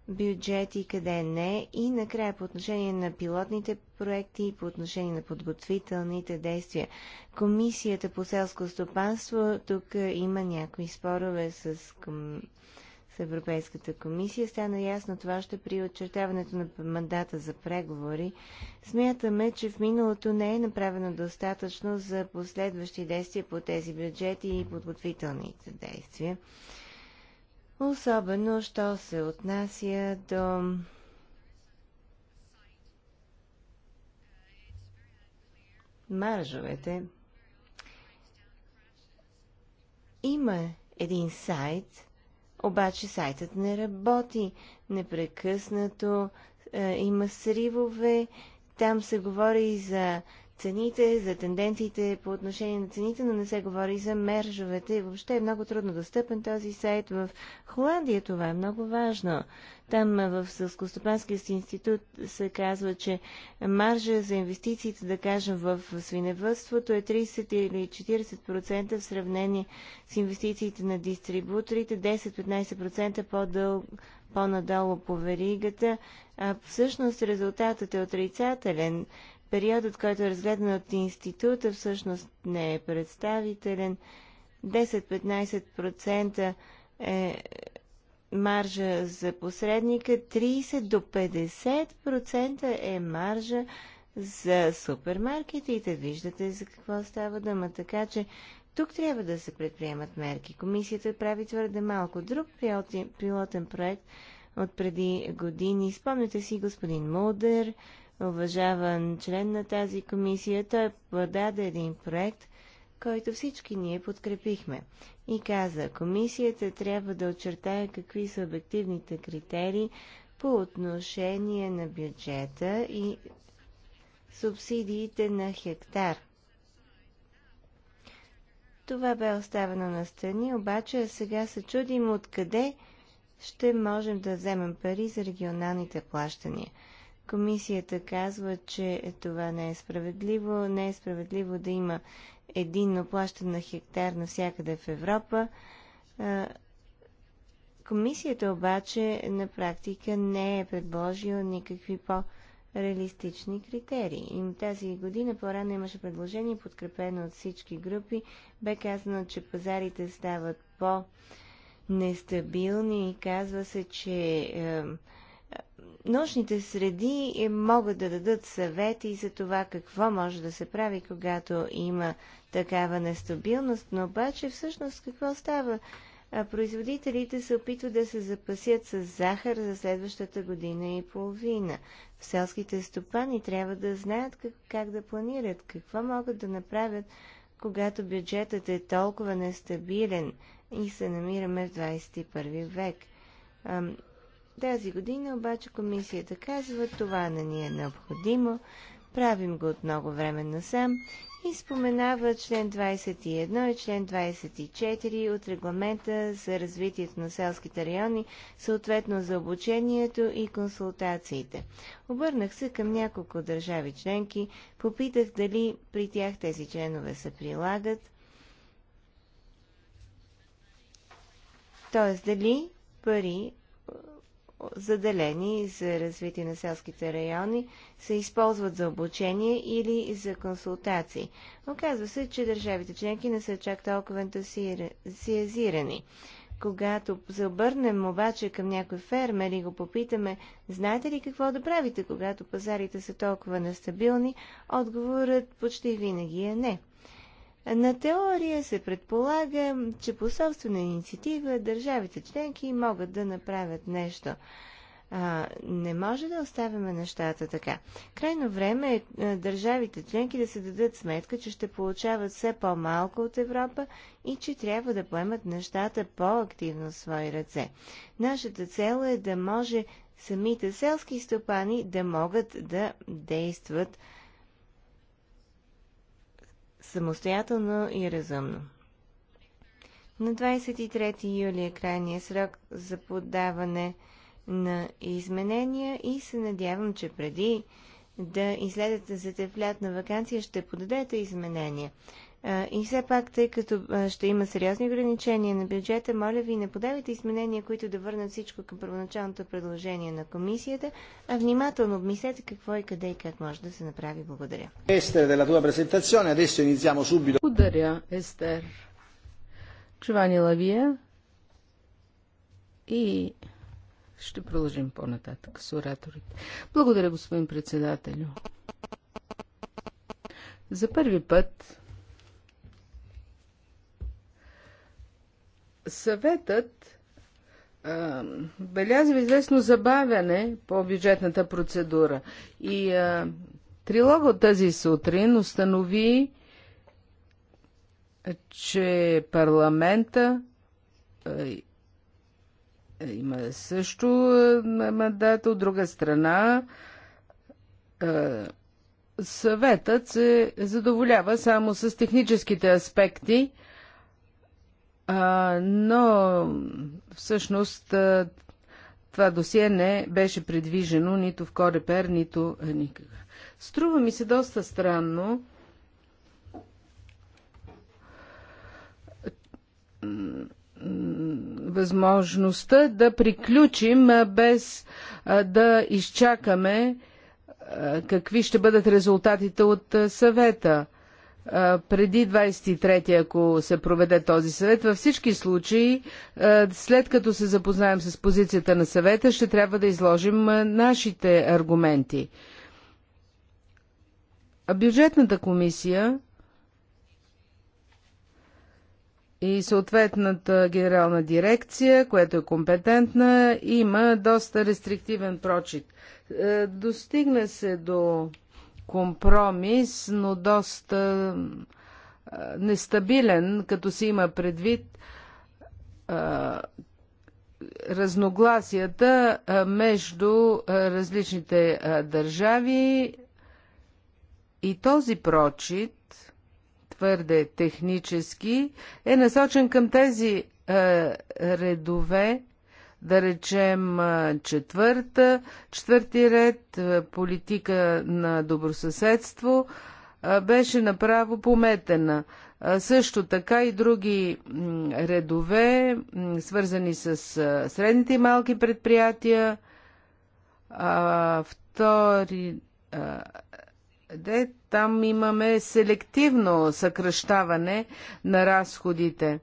бюджети, къде не? И накрая по отношение на пилотните проекти и по отношение на подготвителните действия. Комисията по селско стопанство тук има някои спорове с към Европейската комисия. Стана ясно това още при отчертаването на мандата за преговори. Смятаме, че в миналото не е направено достатъчно за последващи действия по тези бюджети и подготвителните действия. Особено, що се отнася до маржовете. Има един сайт – обаче сайтът не работи. Непрекъснато е, има сривове. Там се говори и за цените, за тенденциите по отношение на цените, но не се говори за мержовете. И въобще е много трудно достъпен този сайт. В Холандия това е много важно. Там е, в Сълскостопанския институт се казва, че маржа за инвестициите, да кажем, в свиневътството е 30 или 40% в сравнение с инвестициите на дистрибуторите, 10-15% по-дълго по-надолу по веригата, а всъщност резултатът е отрицателен периодът, който е разгледан от института, всъщност не е представителен. 10-15% е маржа за посредника, 30 до 50% е маржа за супермаркетите. Виждате за какво става дума. Така че тук трябва да се предприемат мерки. Комисията прави твърде малко. Друг пилотен проект от преди години. Спомняте си господин Мулдер, уважаван член на тази комисия, той подаде един проект, който всички ние подкрепихме. И каза, комисията трябва да очертае какви са обективните критерии по отношение на бюджета и субсидиите на хектар. Това бе оставено на страни, обаче сега се чудим откъде ще можем да вземем пари за регионалните плащания – Комисията казва, че това не е справедливо. Не е справедливо да има един оплащан на хектар навсякъде в Европа. Комисията обаче на практика не е предложила никакви по-реалистични критерии. И тази година по-рано имаше предложение, подкрепено от всички групи. Бе казано, че пазарите стават по-нестабилни и казва се, че е, научните среди е, могат да дадат съвети за това какво може да се прави, когато има такава нестабилност, но обаче всъщност какво става? Производителите се опитват да се запасят с захар за следващата година и половина. В селските стопани трябва да знаят как, как да планират, какво могат да направят, когато бюджетът е толкова нестабилен и се намираме в 21 век тази година обаче комисията казва, това не ни е необходимо, правим го от много време насам и споменава член 21 и член 24 от регламента за развитието на селските райони, съответно за обучението и консултациите. Обърнах се към няколко държави членки, попитах дали при тях тези членове се прилагат, т.е. дали пари заделени за развитие на селските райони, се използват за обучение или за консултации. Оказва се, че държавите членки не са чак толкова ентусиазирани. Когато се обърнем обаче към някой фермер и го попитаме, знаете ли какво да правите, когато пазарите са толкова нестабилни, отговорът почти винаги е не. На теория се предполага, че по собствена инициатива държавите членки могат да направят нещо. А, не може да оставяме нещата така. Крайно време е държавите членки да се дадат сметка, че ще получават все по-малко от Европа и че трябва да поемат нещата по-активно в свои ръце. Нашата цел е да може самите селски стопани да могат да действат самостоятелно и разумно. На 23 юли е крайния срок за подаване на изменения и се надявам, че преди да излезете за на вакансия ще подадете изменения. И все пак, тъй като ще има сериозни ограничения на бюджета, моля ви, не подавайте изменения, които да върнат всичко към първоначалното предложение на комисията, а внимателно обмислете какво и къде и как може да се направи. Благодаря. Естер, della tua presentazione, adesso iniziamo subito. Благодаря, Естер. Чувани Лавия и ще продължим по-нататък с ораторите. Благодаря, господин председателю. За първи път Съветът а, белязва известно забавяне по бюджетната процедура и а, трилога от тази сутрин установи, че парламента а, има също мандат, от друга страна съветът се задоволява само с техническите аспекти но всъщност това досие не беше предвижено нито в Корепер, нито никога. Струва ми се доста странно, възможността да приключим без да изчакаме какви ще бъдат резултатите от съвета преди 23-ти, ако се проведе този съвет, във всички случаи, след като се запознаем с позицията на съвета, ще трябва да изложим нашите аргументи. Бюджетната комисия и съответната генерална дирекция, която е компетентна, има доста рестриктивен прочит. Е, достигна се до компромис, но доста нестабилен, като се има предвид разногласията между различните държави и този прочит твърде технически е насочен към тези редове, да речем четвърта, четвърти ред, политика на добросъседство, беше направо пометена. Също така и други редове, свързани с средните и малки предприятия, втори де, там имаме селективно съкръщаване на разходите.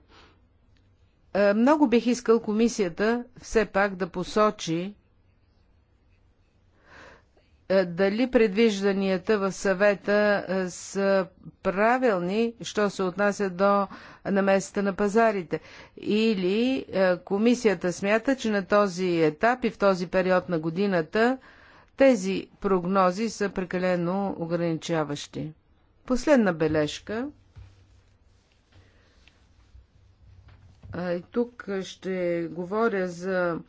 Е, много бих искал комисията все пак да посочи е, дали предвижданията в съвета е, са правилни, що се отнася до намесата на пазарите. Или комисията смята, че на този етап и в този период на годината тези прогнози са прекалено ограничаващи. Последна бележка – И тук ще говоря за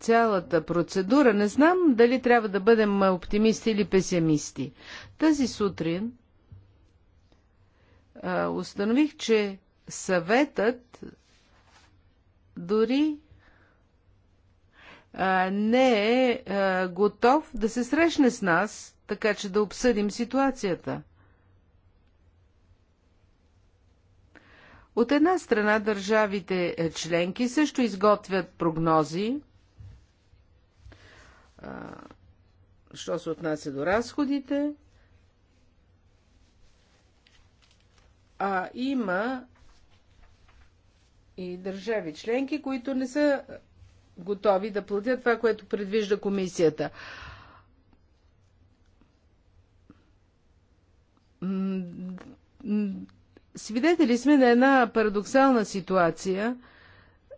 цялата процедура. Не знам дали трябва да бъдем оптимисти или песимисти. Тази сутрин установих, че съветът дори не е готов да се срещне с нас, така че да обсъдим ситуацията. От една страна държавите е, членки също изготвят прогнози, що се отнася до разходите, а има и държави членки, които не са готови да платят това, което предвижда комисията. Свидетели сме на една парадоксална ситуация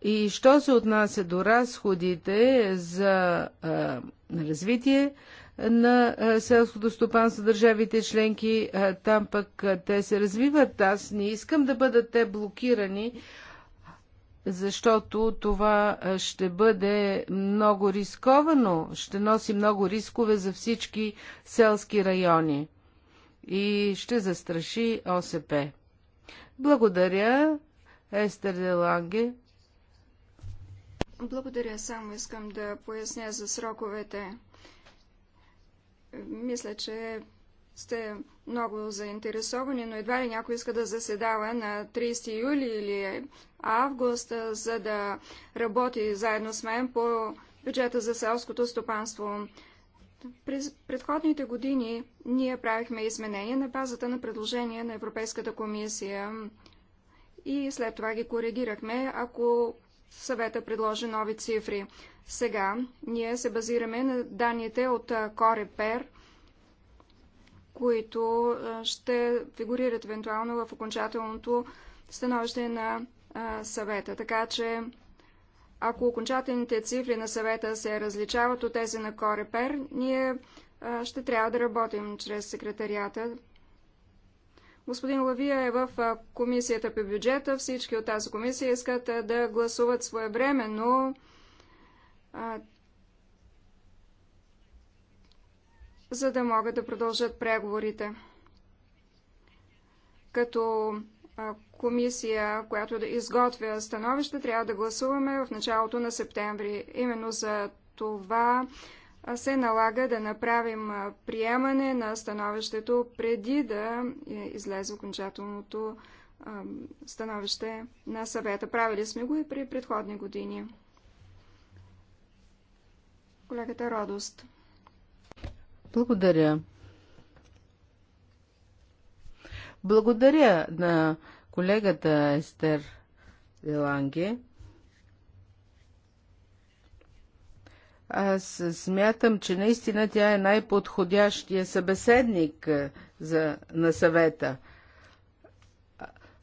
и що се отнася до разходите за а, развитие на селското стопанство държавите членки, а, там пък а, те се развиват. Аз не искам да бъдат те блокирани, защото това ще бъде много рисковано, ще носи много рискове за всички селски райони и ще застраши ОСП. Благодаря, Естер Деланге. Благодаря, само искам да поясня за сроковете. Мисля, че сте много заинтересовани, но едва ли някой иска да заседава на 30 юли или август, за да работи заедно с мен по бюджета за селското стопанство. През предходните години ние правихме изменения на базата на предложения на Европейската комисия и след това ги коригирахме, ако съвета предложи нови цифри. Сега ние се базираме на данните от Корепер, които ще фигурират евентуално в окончателното становище на съвета. Така че ако окончателните цифри на съвета се различават от тези на Корепер, ние ще трябва да работим чрез секретарията. Господин Лавия е в комисията по бюджета. Всички от тази комисия искат да гласуват своевременно. за да могат да продължат преговорите. Като комисия, която да изготвя становище, трябва да гласуваме в началото на септември. Именно за това се налага да направим приемане на становището преди да е, излезе окончателното становище на съвета. Правили сме го и при предходни години. Колегата Родост. Благодаря. Благодаря на колегата Естер Еланге. Аз смятам, че наистина тя е най-подходящия събеседник за, на съвета.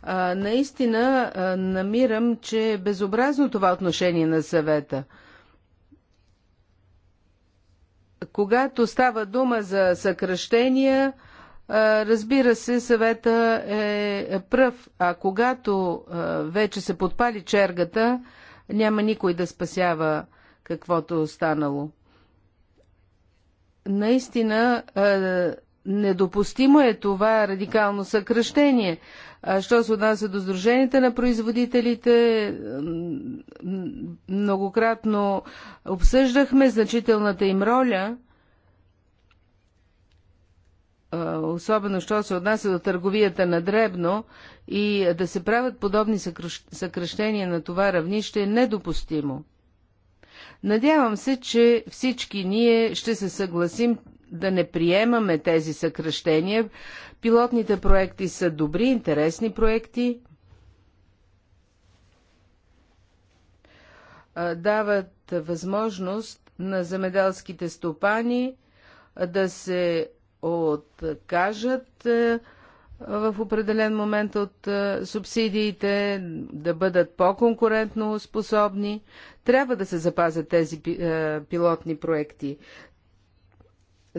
А, наистина а, намирам, че е безобразно това отношение на съвета. Когато става дума за съкръщения, Разбира се, съвета е пръв, а когато вече се подпали чергата, няма никой да спасява каквото е останало. Наистина, недопустимо е това радикално съкръщение. Що се отнася до Сдруженията на производителите, многократно обсъждахме значителната им роля – особено що се отнася до търговията на дребно и да се правят подобни съкръщения на това равнище е недопустимо. Надявам се, че всички ние ще се съгласим да не приемаме тези съкръщения. Пилотните проекти са добри, интересни проекти. Дават възможност на земеделските стопани да се откажат е, в определен момент от е, субсидиите, да бъдат по-конкурентно способни. Трябва да се запазят тези е, пилотни проекти.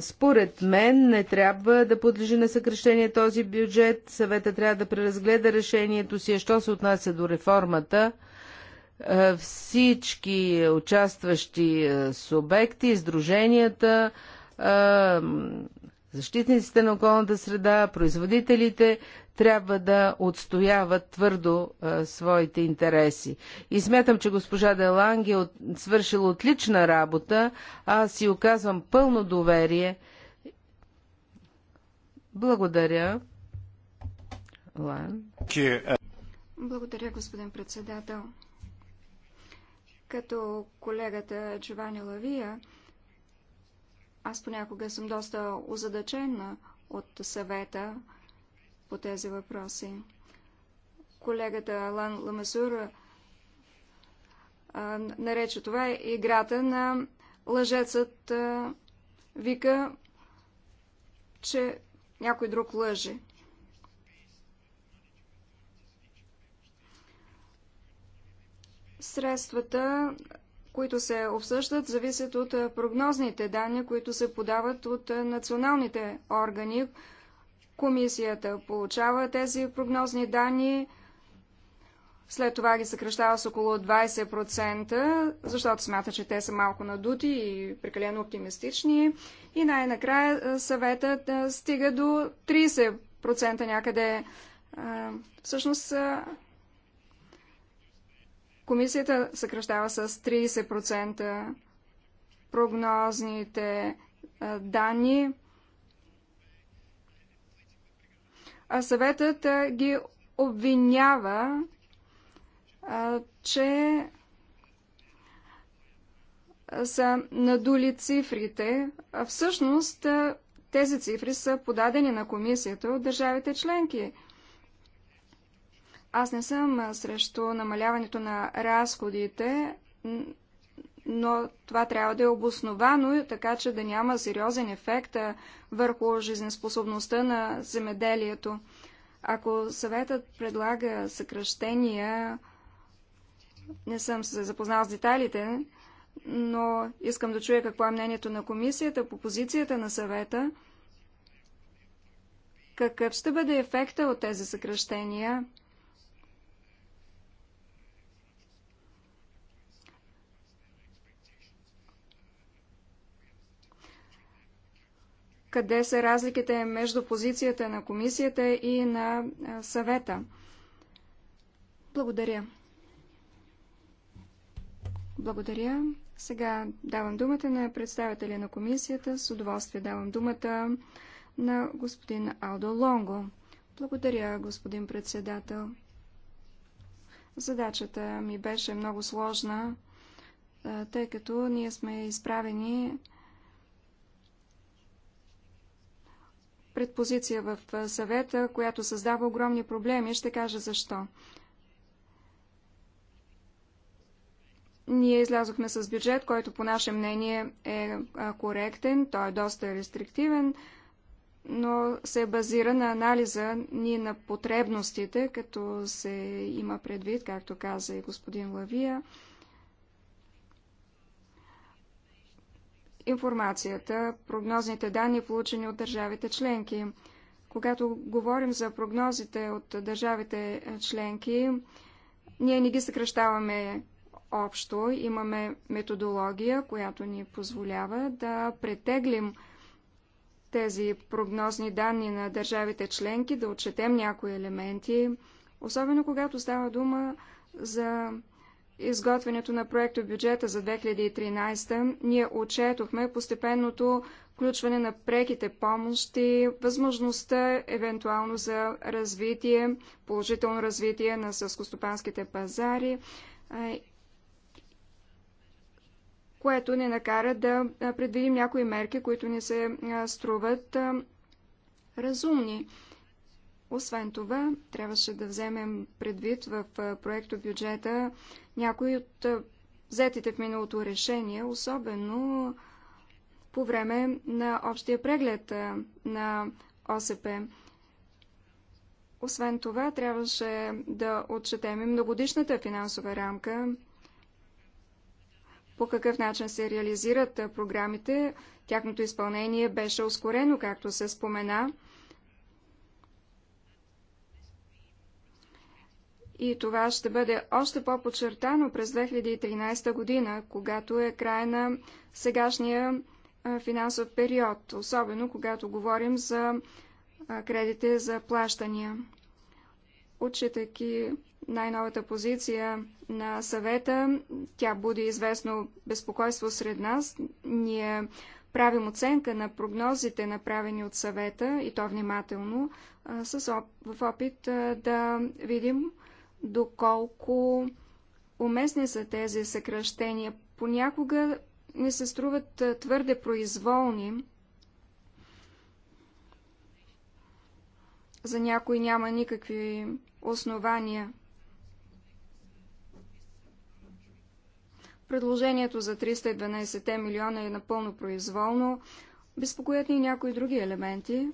Според мен не трябва да подлежи на съкрещение този бюджет. Съвета трябва да преразгледа решението си. Що се отнася до реформата, всички участващи субекти, издруженията, защитниците на околната среда, производителите трябва да отстояват твърдо а, своите интереси. И смятам, че госпожа Деланге е от... свършила отлична работа, аз си оказвам пълно доверие. Благодаря. Лан. Благодаря, господин председател. Като колегата Джованни Лавия, аз понякога съм доста озадачена от съвета по тези въпроси. Колегата Алан а, нарече това играта на лъжецът а, вика, че някой друг лъже. Средствата които се обсъждат, зависят от прогнозните данни, които се подават от националните органи. Комисията получава тези прогнозни данни, след това ги съкръщава с около 20%, защото смята, че те са малко надути и прекалено оптимистични. И най-накрая съветът стига до 30% някъде. Всъщност Комисията съкръщава с 30% прогнозните данни, а съветът ги обвинява, че са надули цифрите. Всъщност тези цифри са подадени на комисията от държавите членки – аз не съм срещу намаляването на разходите, но това трябва да е обосновано, така че да няма сериозен ефект върху жизнеспособността на земеделието. Ако съветът предлага съкръщения, не съм се запознал с детайлите, но искам да чуя какво е мнението на комисията по позицията на съвета. Какъв ще бъде ефекта от тези съкръщения? къде са разликите между позицията на комисията и на съвета. Благодаря. Благодаря. Сега давам думата на представителя на комисията. С удоволствие давам думата на господин Алдо Лонго. Благодаря, господин председател. Задачата ми беше много сложна, тъй като ние сме изправени предпозиция в съвета, която създава огромни проблеми. Ще кажа защо. Ние излязохме с бюджет, който по наше мнение е коректен, той е доста рестриктивен, но се базира на анализа ни на потребностите, като се има предвид, както каза и господин Лавия, информацията, прогнозните данни, получени от държавите членки. Когато говорим за прогнозите от държавите членки, ние не ги съкръщаваме общо. Имаме методология, която ни позволява да претеглим тези прогнозни данни на държавите членки, да отчетем някои елементи, особено когато става дума за изготвянето на проекто бюджета за 2013 ние отчетохме постепенното включване на преките помощи, възможността евентуално за развитие, положително развитие на сълскостопанските пазари, което ни накара да предвидим някои мерки, които ни се струват разумни. Освен това, трябваше да вземем предвид в проекто бюджета някои от взетите в миналото решение, особено по време на общия преглед на ОСП. Освен това, трябваше да отчетем и многодишната финансова рамка, по какъв начин се реализират програмите. Тяхното изпълнение беше ускорено, както се спомена. И това ще бъде още по-подчертано през 2013 година, когато е край на сегашния финансов период, особено когато говорим за кредите за плащания. Отчитайки най-новата позиция на съвета, тя буди известно безпокойство сред нас. Ние правим оценка на прогнозите, направени от съвета, и то внимателно, в опит да видим доколко уместни са тези съкръщения. Понякога ни се струват твърде произволни. За някой няма никакви основания. Предложението за 312 милиона е напълно произволно. Безпокоят ни някои други елементи.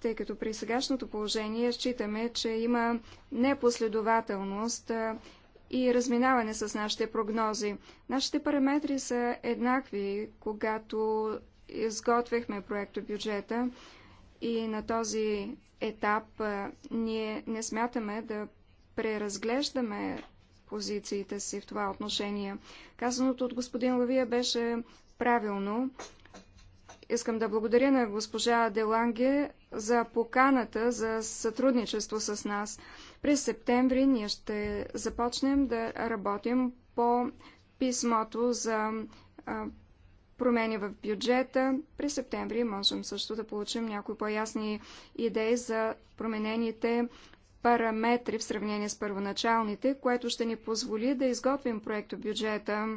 тъй като при сегашното положение считаме, че има непоследователност и разминаване с нашите прогнози. Нашите параметри са еднакви, когато изготвяхме проекто бюджета и на този етап ние не смятаме да преразглеждаме позициите си в това отношение. Казаното от господин Лавия беше правилно. Искам да благодаря на госпожа Деланге за поканата за сътрудничество с нас. През септември ние ще започнем да работим по писмото за промени в бюджета. През септември можем също да получим някои по-ясни идеи за променените параметри в сравнение с първоначалните, което ще ни позволи да изготвим проекто бюджета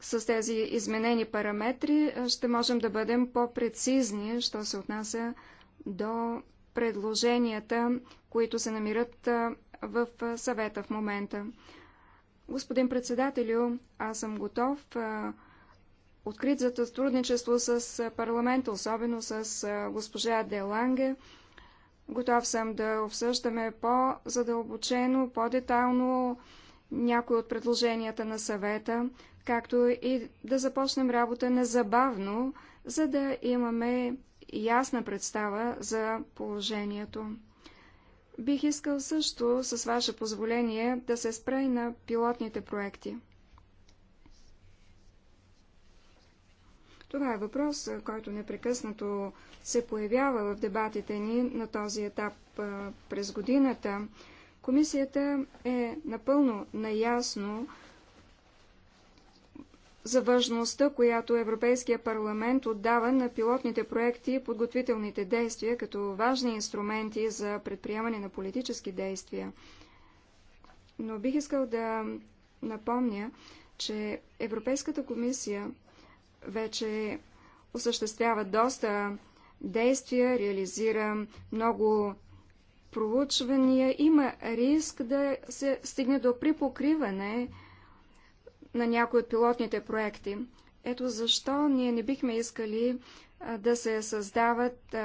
с тези изменени параметри ще можем да бъдем по-прецизни, що се отнася до предложенията, които се намират в съвета в момента. Господин председателю, аз съм готов открит за сътрудничество с парламента, особено с госпожа Деланге. Готов съм да обсъждаме по-задълбочено, по-детайлно някои от предложенията на съвета, както и да започнем работа незабавно, за да имаме ясна представа за положението. Бих искал също, с ваше позволение, да се спра и на пилотните проекти. Това е въпрос, който непрекъснато се появява в дебатите ни на този етап през годината. Комисията е напълно наясно за важността, която Европейския парламент отдава на пилотните проекти и подготвителните действия като важни инструменти за предприемане на политически действия. Но бих искал да напомня, че Европейската комисия вече осъществява доста действия, реализира много проучвания има риск да се стигне до припокриване на някои от пилотните проекти. Ето защо ние не бихме искали да се създават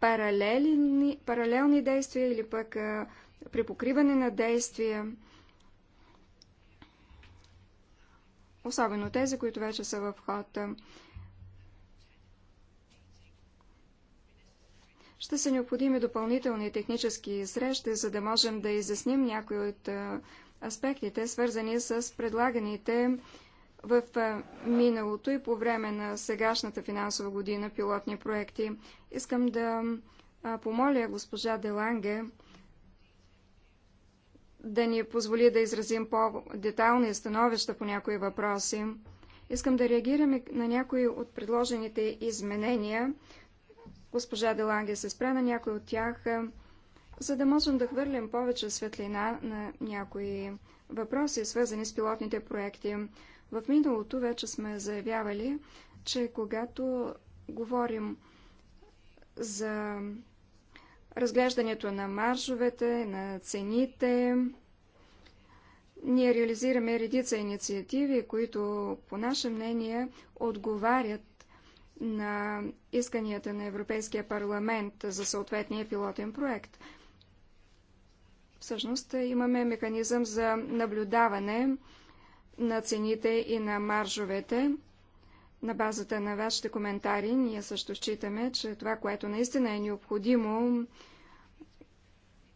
паралелни, паралелни действия или пък припокриване на действия. Особено тези, които вече са в ход. Ще са необходими допълнителни технически срещи, за да можем да изясним някои от аспектите, свързани с предлаганите в миналото и по време на сегашната финансова година пилотни проекти. Искам да помоля госпожа Деланге да ни позволи да изразим по-детални становища по някои въпроси. Искам да реагираме на някои от предложените изменения, Госпожа Деланге се спре на някой от тях, е, за да можем да хвърлим повече светлина на някои въпроси, свързани с пилотните проекти. В миналото вече сме заявявали, че когато говорим за разглеждането на маржовете, на цените, ние реализираме редица инициативи, които, по наше мнение, отговарят на исканията на Европейския парламент за съответния пилотен проект. Всъщност е, имаме механизъм за наблюдаване на цените и на маржовете. На базата на вашите коментари ние също считаме, че това, което наистина е необходимо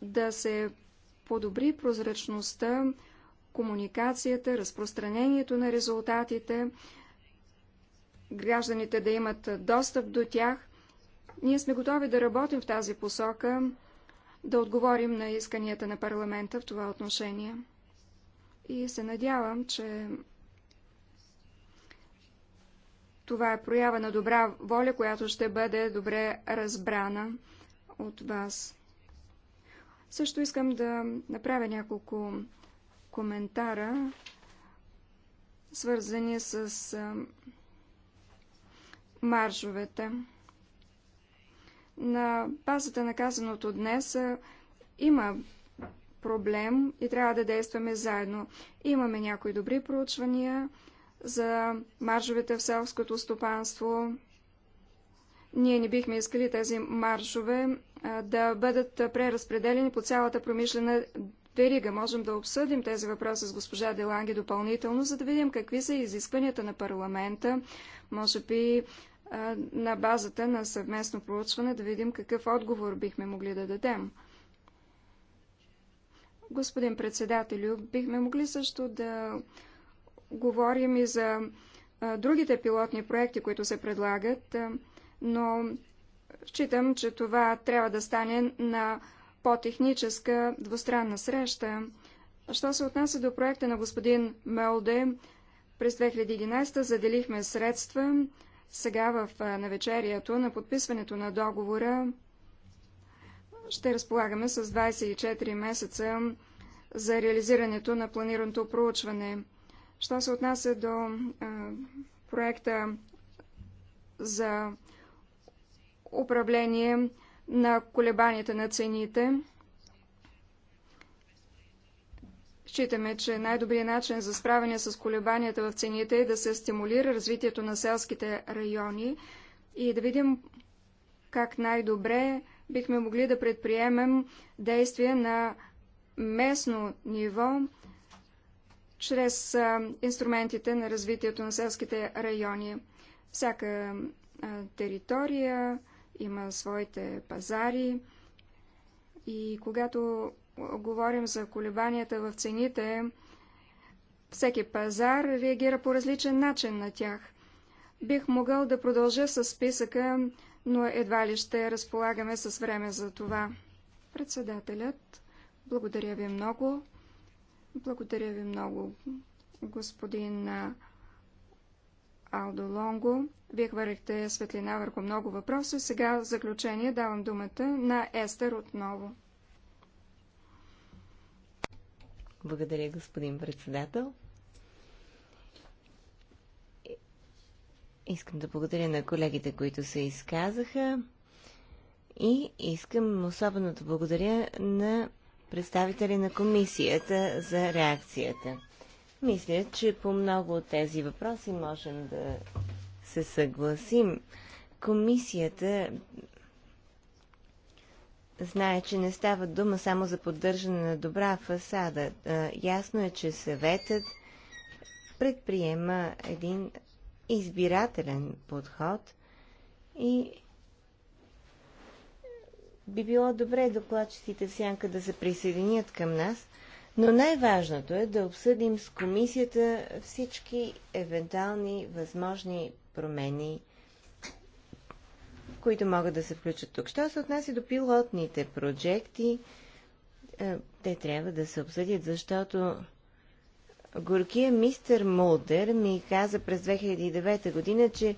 да се подобри прозрачността, комуникацията, разпространението на резултатите, гражданите да имат достъп до тях. Ние сме готови да работим в тази посока, да отговорим на исканията на парламента в това отношение. И се надявам, че това е проява на добра воля, която ще бъде добре разбрана от вас. Също искам да направя няколко коментара, свързани с маржовете. На базата на казаното днес има проблем и трябва да действаме заедно. Имаме някои добри проучвания за маржовете в селското стопанство. Ние не бихме искали тези маржове да бъдат преразпределени по цялата промишлена верига. Можем да обсъдим тези въпроси с госпожа Деланги допълнително, за да видим какви са изискванията на парламента може би на базата на съвместно проучване да видим какъв отговор бихме могли да дадем. Господин председателю, бихме могли също да говорим и за другите пилотни проекти, които се предлагат, но считам, че това трябва да стане на по-техническа двустранна среща. Що се отнася до проекта на господин Мелде, през 2011 заделихме средства. Сега в навечерието на подписването на договора ще разполагаме с 24 месеца за реализирането на планираното проучване. Що се отнася до а, проекта за управление на колебанията на цените, Считаме, че най-добрият начин за справяне с колебанията в цените е да се стимулира развитието на селските райони и да видим как най-добре бихме могли да предприемем действия на местно ниво чрез инструментите на развитието на селските райони. Всяка територия има своите пазари и когато говорим за колебанията в цените, всеки пазар реагира по различен начин на тях. Бих могъл да продължа с списъка, но едва ли ще разполагаме с време за това. Председателят, благодаря ви много. Благодаря ви много, господин Алдо Лонго. Вие хвърлихте светлина върху много въпроси. Сега в заключение давам думата на Естер отново. Благодаря, господин председател. Искам да благодаря на колегите, които се изказаха и искам особено да благодаря на представители на комисията за реакцията. Мисля, че по много от тези въпроси можем да се съгласим. Комисията знае, че не става дума само за поддържане на добра фасада. Ясно е, че съветът предприема един избирателен подход и би било добре докладчиците в сянка да се присъединят към нас, но най-важното е да обсъдим с комисията всички евентуални възможни промени – които могат да се включат тук. Що се отнася до пилотните проекти, е, те трябва да се обсъдят, защото горкия мистер Мулдер ми каза през 2009 година, че е,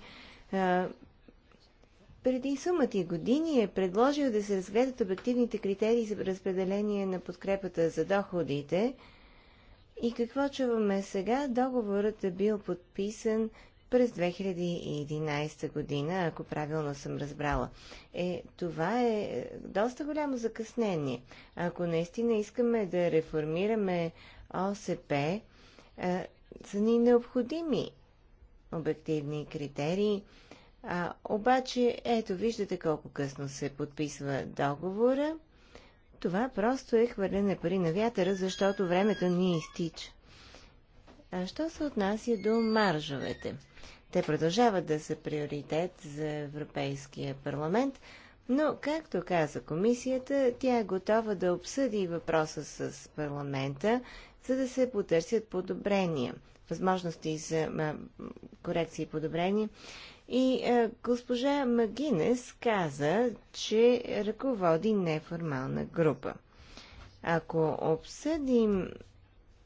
преди сумати години е предложил да се разгледат обективните критерии за разпределение на подкрепата за доходите. И какво чуваме сега? Договорът е бил подписан през 2011 година, ако правилно съм разбрала. Е, това е, е доста голямо закъснение. Ако наистина искаме да реформираме ОСП, е, са ни необходими обективни критерии. А, обаче, ето, виждате колко късно се подписва договора. Това просто е хвърляне пари на вятъра, защото времето ни изтича. А що се отнася до маржовете? Те продължават да са приоритет за Европейския парламент, но, както каза комисията, тя е готова да обсъди въпроса с парламента, за да се потърсят подобрения, възможности за а, корекции и подобрения. И а, госпожа Магинес каза, че ръководи неформална група. Ако обсъдим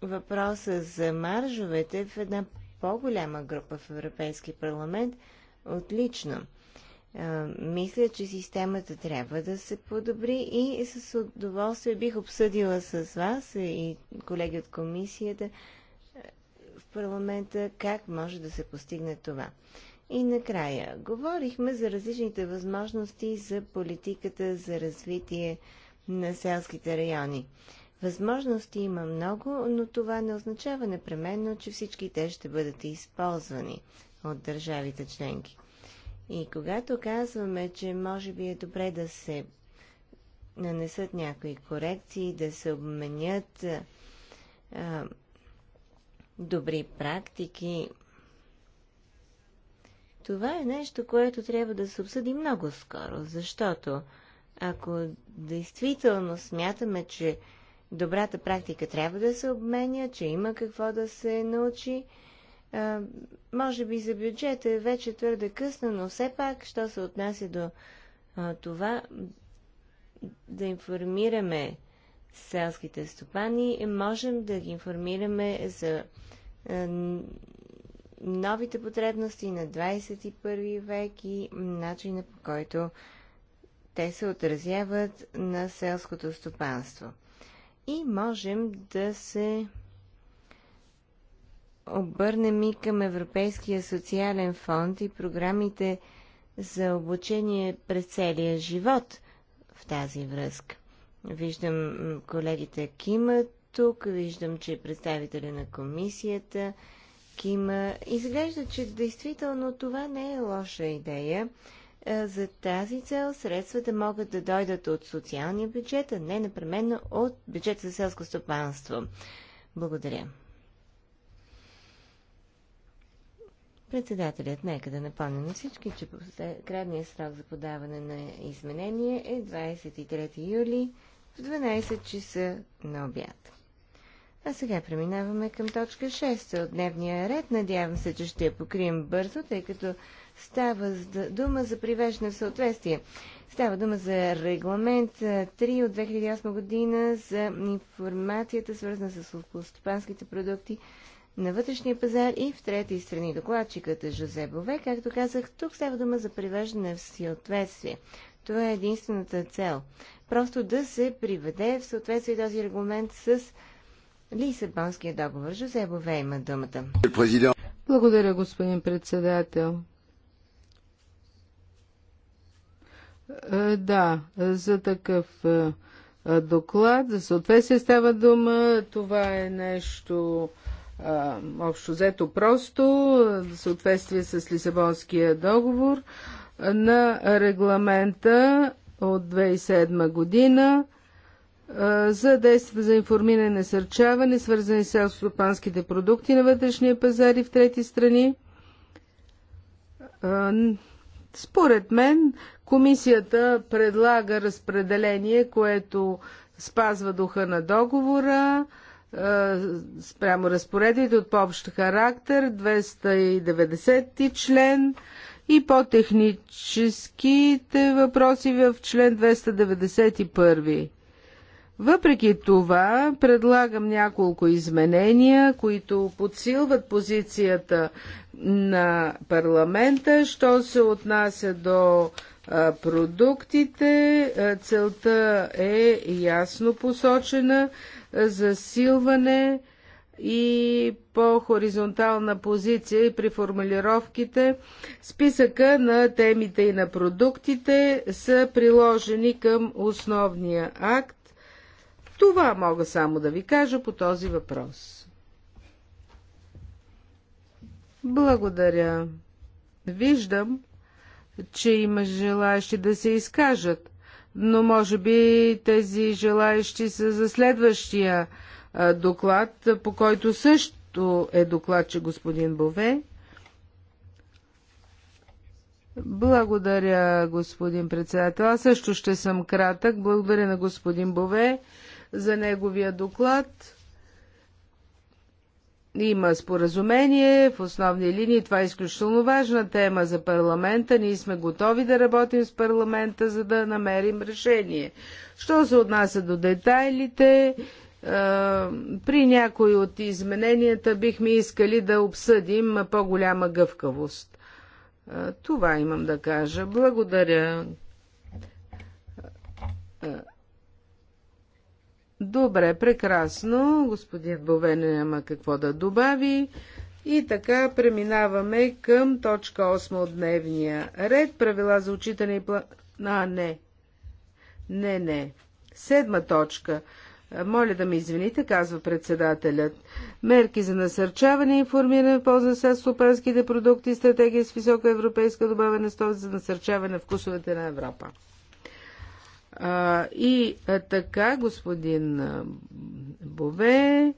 въпроса за маржовете в една по-голяма група в Европейски парламент, отлично. А, мисля, че системата трябва да се подобри и с удоволствие бих обсъдила с вас и колеги от комисията в парламента как може да се постигне това. И накрая, говорихме за различните възможности за политиката за развитие на селските райони. Възможности има много, но това не означава непременно, че всички те ще бъдат използвани от държавите членки. И когато казваме, че може би е добре да се нанесат някои корекции, да се обменят а, добри практики, това е нещо, което трябва да се обсъди много скоро, защото ако действително смятаме, че добрата практика трябва да се обменя, че има какво да се научи. А, може би за бюджета е вече твърде късно, но все пак, що се отнася до а, това да информираме селските стопани, можем да ги информираме за а, новите потребности на 21 век и начина по който те се отразяват на селското стопанство и можем да се обърнем и към Европейския социален фонд и програмите за обучение през целия живот в тази връзка. Виждам колегите Кима тук, виждам, че е представителя на комисията Кима. Изглежда, че действително това не е лоша идея. Е, за тази цел средствата могат да дойдат от социалния бюджет, а не непременно от бюджета за селско стопанство. Благодаря. Председателят нека да напомня на всички, че крайният срок за подаване на изменение е 23 юли в 12 часа на обяд. А сега преминаваме към точка 6 от дневния ред. Надявам се, че ще я покрием бързо, тъй като Става дума за привеждане в съответствие. Става дума за регламент 3 от 2008 година за информацията, свързана с селскостопанските продукти на вътрешния пазар и в трети страни. Докладчикът е Жозе Бове. Както казах, тук става дума за привеждане в съответствие. Това е единствената цел. Просто да се приведе в съответствие този регламент с Лисабонския договор. Жозе Бове има думата. Благодаря, господин председател. Е, да, за такъв е, е, доклад, за съответствие става дума. Това е нещо общо взето просто, за съответствие с Лисабонския договор на регламента от 2007 година за действията за информиране и насърчаване, свързани с стопанските продукти на вътрешния пазар и в трети страни. според мен Комисията предлага разпределение, което спазва духа на договора, спрямо разпоредите от по-общ характер, 290 член и по-техническите въпроси в член 291. Въпреки това, предлагам няколко изменения, които подсилват позицията на парламента, що се отнася до продуктите. Целта е ясно посочена засилване и по-хоризонтална позиция и при формулировките. Списъка на темите и на продуктите са приложени към основния акт. Това мога само да ви кажа по този въпрос. Благодаря. Виждам, че има желаящи да се изкажат, но може би тези желаящи са за следващия доклад, по който също е доклад, че господин Бове. Благодаря, господин председател. Аз също ще съм кратък. Благодаря на господин Бове за неговия доклад има споразумение в основни линии. Това е изключително важна тема за парламента. Ние сме готови да работим с парламента, за да намерим решение. Що се отнася до детайлите, е, при някои от измененията бихме искали да обсъдим по-голяма гъвкавост. Е, това имам да кажа. Благодаря. Е, Добре, прекрасно. Господин Бовен няма какво да добави. И така преминаваме към точка 8 от дневния ред. Правила за отчитане и план... А, не. Не, не. Седма точка. Моля да ме извините, казва председателят. Мерки за насърчаване и информиране в полза с стопанските продукти, стратегия с висока европейска добавена стоеност за насърчаване вкусовете на Европа. А, и а, така господин Бове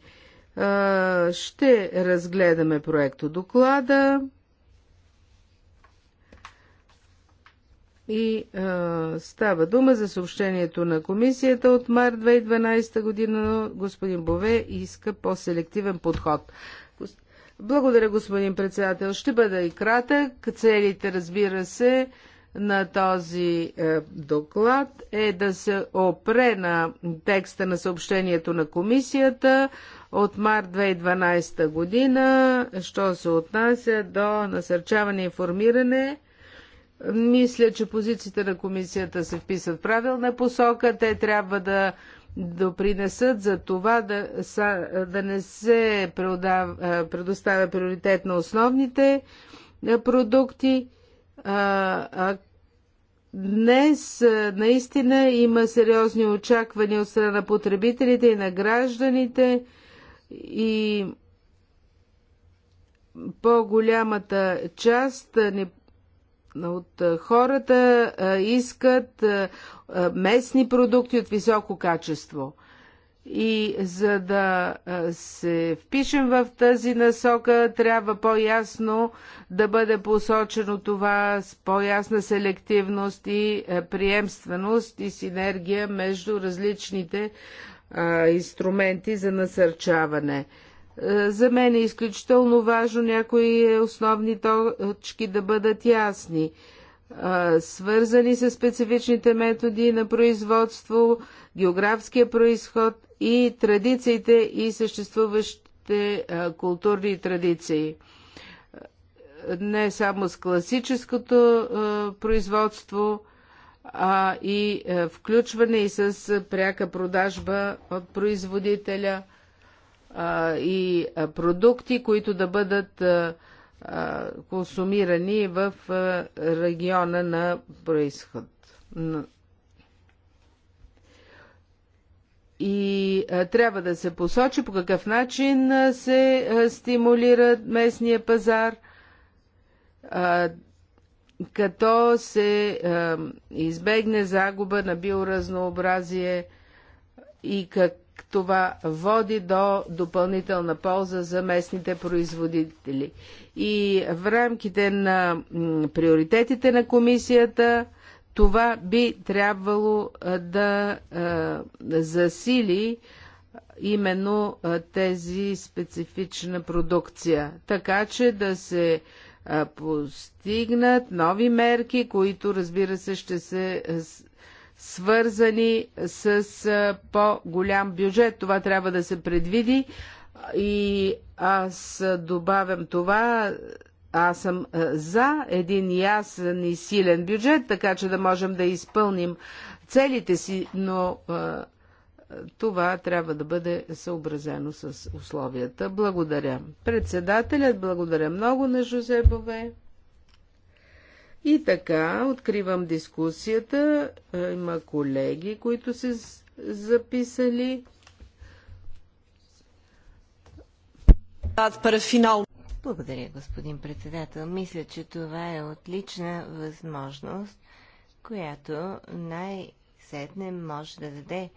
а, ще разгледаме проекто доклада и а, става дума за съобщението на комисията от март 2012 година. Господин Бове иска по-селективен подход. Благодаря, господин председател. Ще бъда и кратък. Целите, разбира се, на този е, доклад е да се опре на текста на съобщението на комисията от март 2012 година, що се отнася до насърчаване и информиране. Мисля, че позициите на комисията се вписват в правилна посока. Те трябва да допринесат за това да, да не се е, предоставя приоритет на основните е, продукти а, а днес наистина има сериозни очаквания от страна на потребителите и на гражданите и по-голямата част от хората искат местни продукти от високо качество. И за да се впишем в тази насока, трябва по-ясно да бъде посочено това с по-ясна селективност и приемственост и синергия между различните инструменти за насърчаване. За мен е изключително важно някои основни точки да бъдат ясни, свързани с специфичните методи на производство, географския происход и традициите и съществуващите културни традиции. Не само с класическото производство, а и включване и с пряка продажба от производителя и продукти, които да бъдат консумирани в региона на происход, на И трябва да се посочи по какъв начин се стимулира местния пазар, като се избегне загуба на биоразнообразие и как това води до допълнителна полза за местните производители. И в рамките на приоритетите на комисията това би трябвало да засили именно тези специфична продукция, така че да се постигнат нови мерки, които разбира се ще се свързани с по-голям бюджет. Това трябва да се предвиди и аз добавям това аз съм е, за един ясен и силен бюджет, така че да можем да изпълним целите си, но е, е, това трябва да бъде съобразено с условията. Благодаря. Председателят, благодаря много на Жозебове. И така, откривам дискусията. Има колеги, които се записали. Para final благодаря, господин председател. Мисля, че това е отлична възможност, която най-сетне може да даде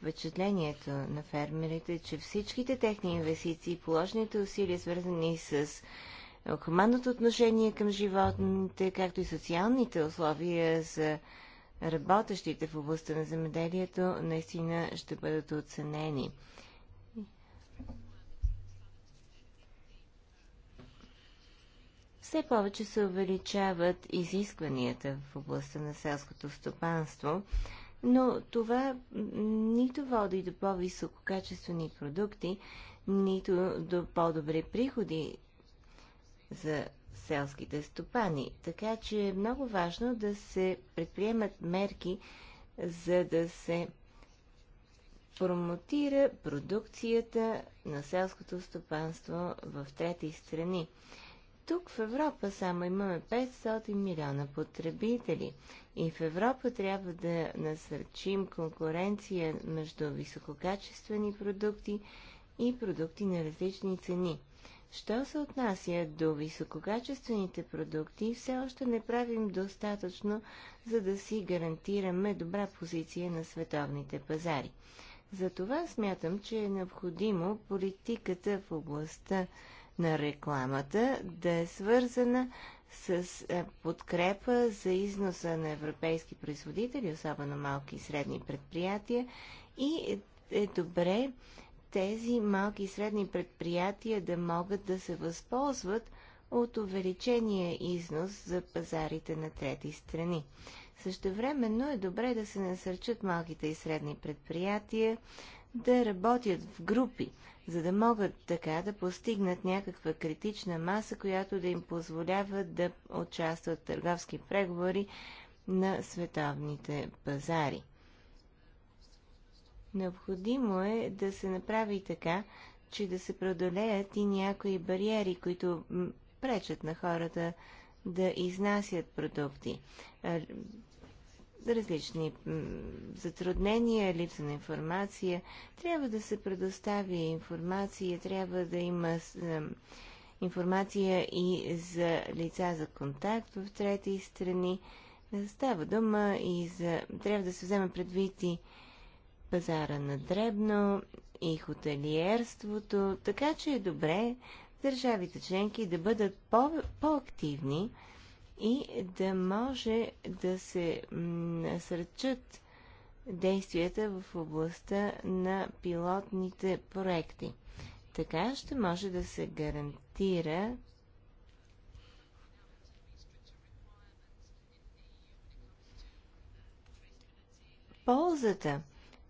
впечатлението на фермерите, че всичките техни инвестиции, положените усилия, свързани с хуманното отношение към животните, както и социалните условия за работещите в областта на земеделието, наистина ще бъдат оценени. все повече се увеличават изискванията в областта на селското стопанство, но това нито води до по-висококачествени продукти, нито до по-добри приходи за селските стопани. Така че е много важно да се предприемат мерки, за да се промотира продукцията на селското стопанство в трети страни. Тук в Европа само имаме 500 милиона потребители и в Европа трябва да насърчим конкуренция между висококачествени продукти и продукти на различни цени. Що се отнася до висококачествените продукти, все още не правим достатъчно, за да си гарантираме добра позиция на световните пазари. Затова смятам, че е необходимо политиката в областта на рекламата да е свързана с е, подкрепа за износа на европейски производители, особено малки и средни предприятия. И е добре тези малки и средни предприятия да могат да се възползват от увеличения износ за пазарите на трети страни. Същевременно е добре да се насърчат малките и средни предприятия да работят в групи, за да могат така да постигнат някаква критична маса, която да им позволява да участват в търговски преговори на световните пазари. Необходимо е да се направи така, че да се преодолеят и някои бариери, които пречат на хората да изнасят продукти различни затруднения, липса на информация. Трябва да се предостави информация, трябва да има информация и за лица за контакт в трети страни. Става дума и за... Трябва да се вземе предвид и пазара на дребно и хотелиерството, така че е добре държавите членки да бъдат по- по-активни и да може да се насърчат действията в областта на пилотните проекти. Така ще може да се гарантира ползата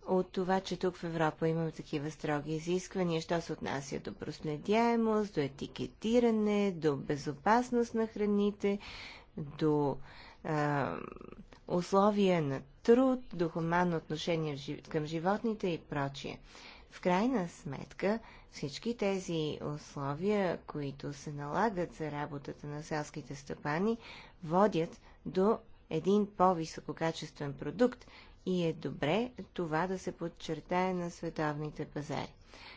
от това, че тук в Европа имаме такива строги изисквания, що се отнася до проследяемост, до етикетиране, до безопасност на храните, до а, условия на труд, до хуманно отношение към животните и прочие. В крайна сметка, всички тези условия, които се налагат за работата на селските стъпани, водят до един по-висококачествен продукт и е добре това да се подчертае на световните пазари.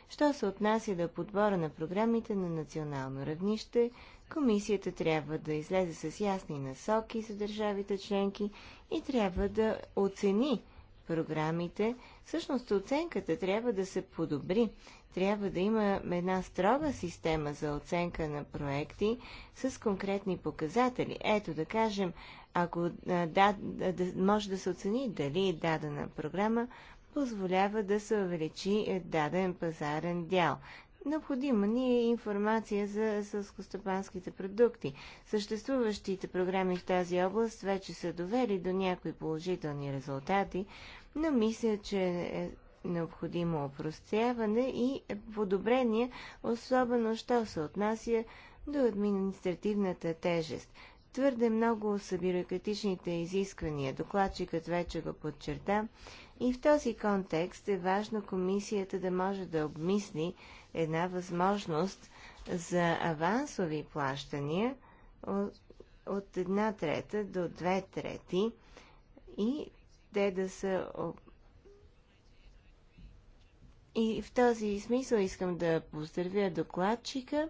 Що се отнася до подбора на програмите на национално равнище, Комисията трябва да излезе с ясни насоки за държавите членки и трябва да оцени програмите. Всъщност оценката трябва да се подобри. Трябва да има една строга система за оценка на проекти с конкретни показатели. Ето да кажем, ако да, да, може да се оцени дали дадена програма позволява да се увеличи е, даден пазарен дял. Необходима ни е информация за сълскостопанските продукти. Съществуващите програми в тази област вече са довели до някои положителни резултати, но мисля, че е необходимо опростяване и подобрение, особено що се отнася до административната тежест. Твърде много са бюрократичните изисквания, докладчикът вече го подчерта, и в този контекст е важно комисията да може да обмисли една възможност за авансови плащания от една трета до две трети и те да са. И в този смисъл искам да поздравя докладчика.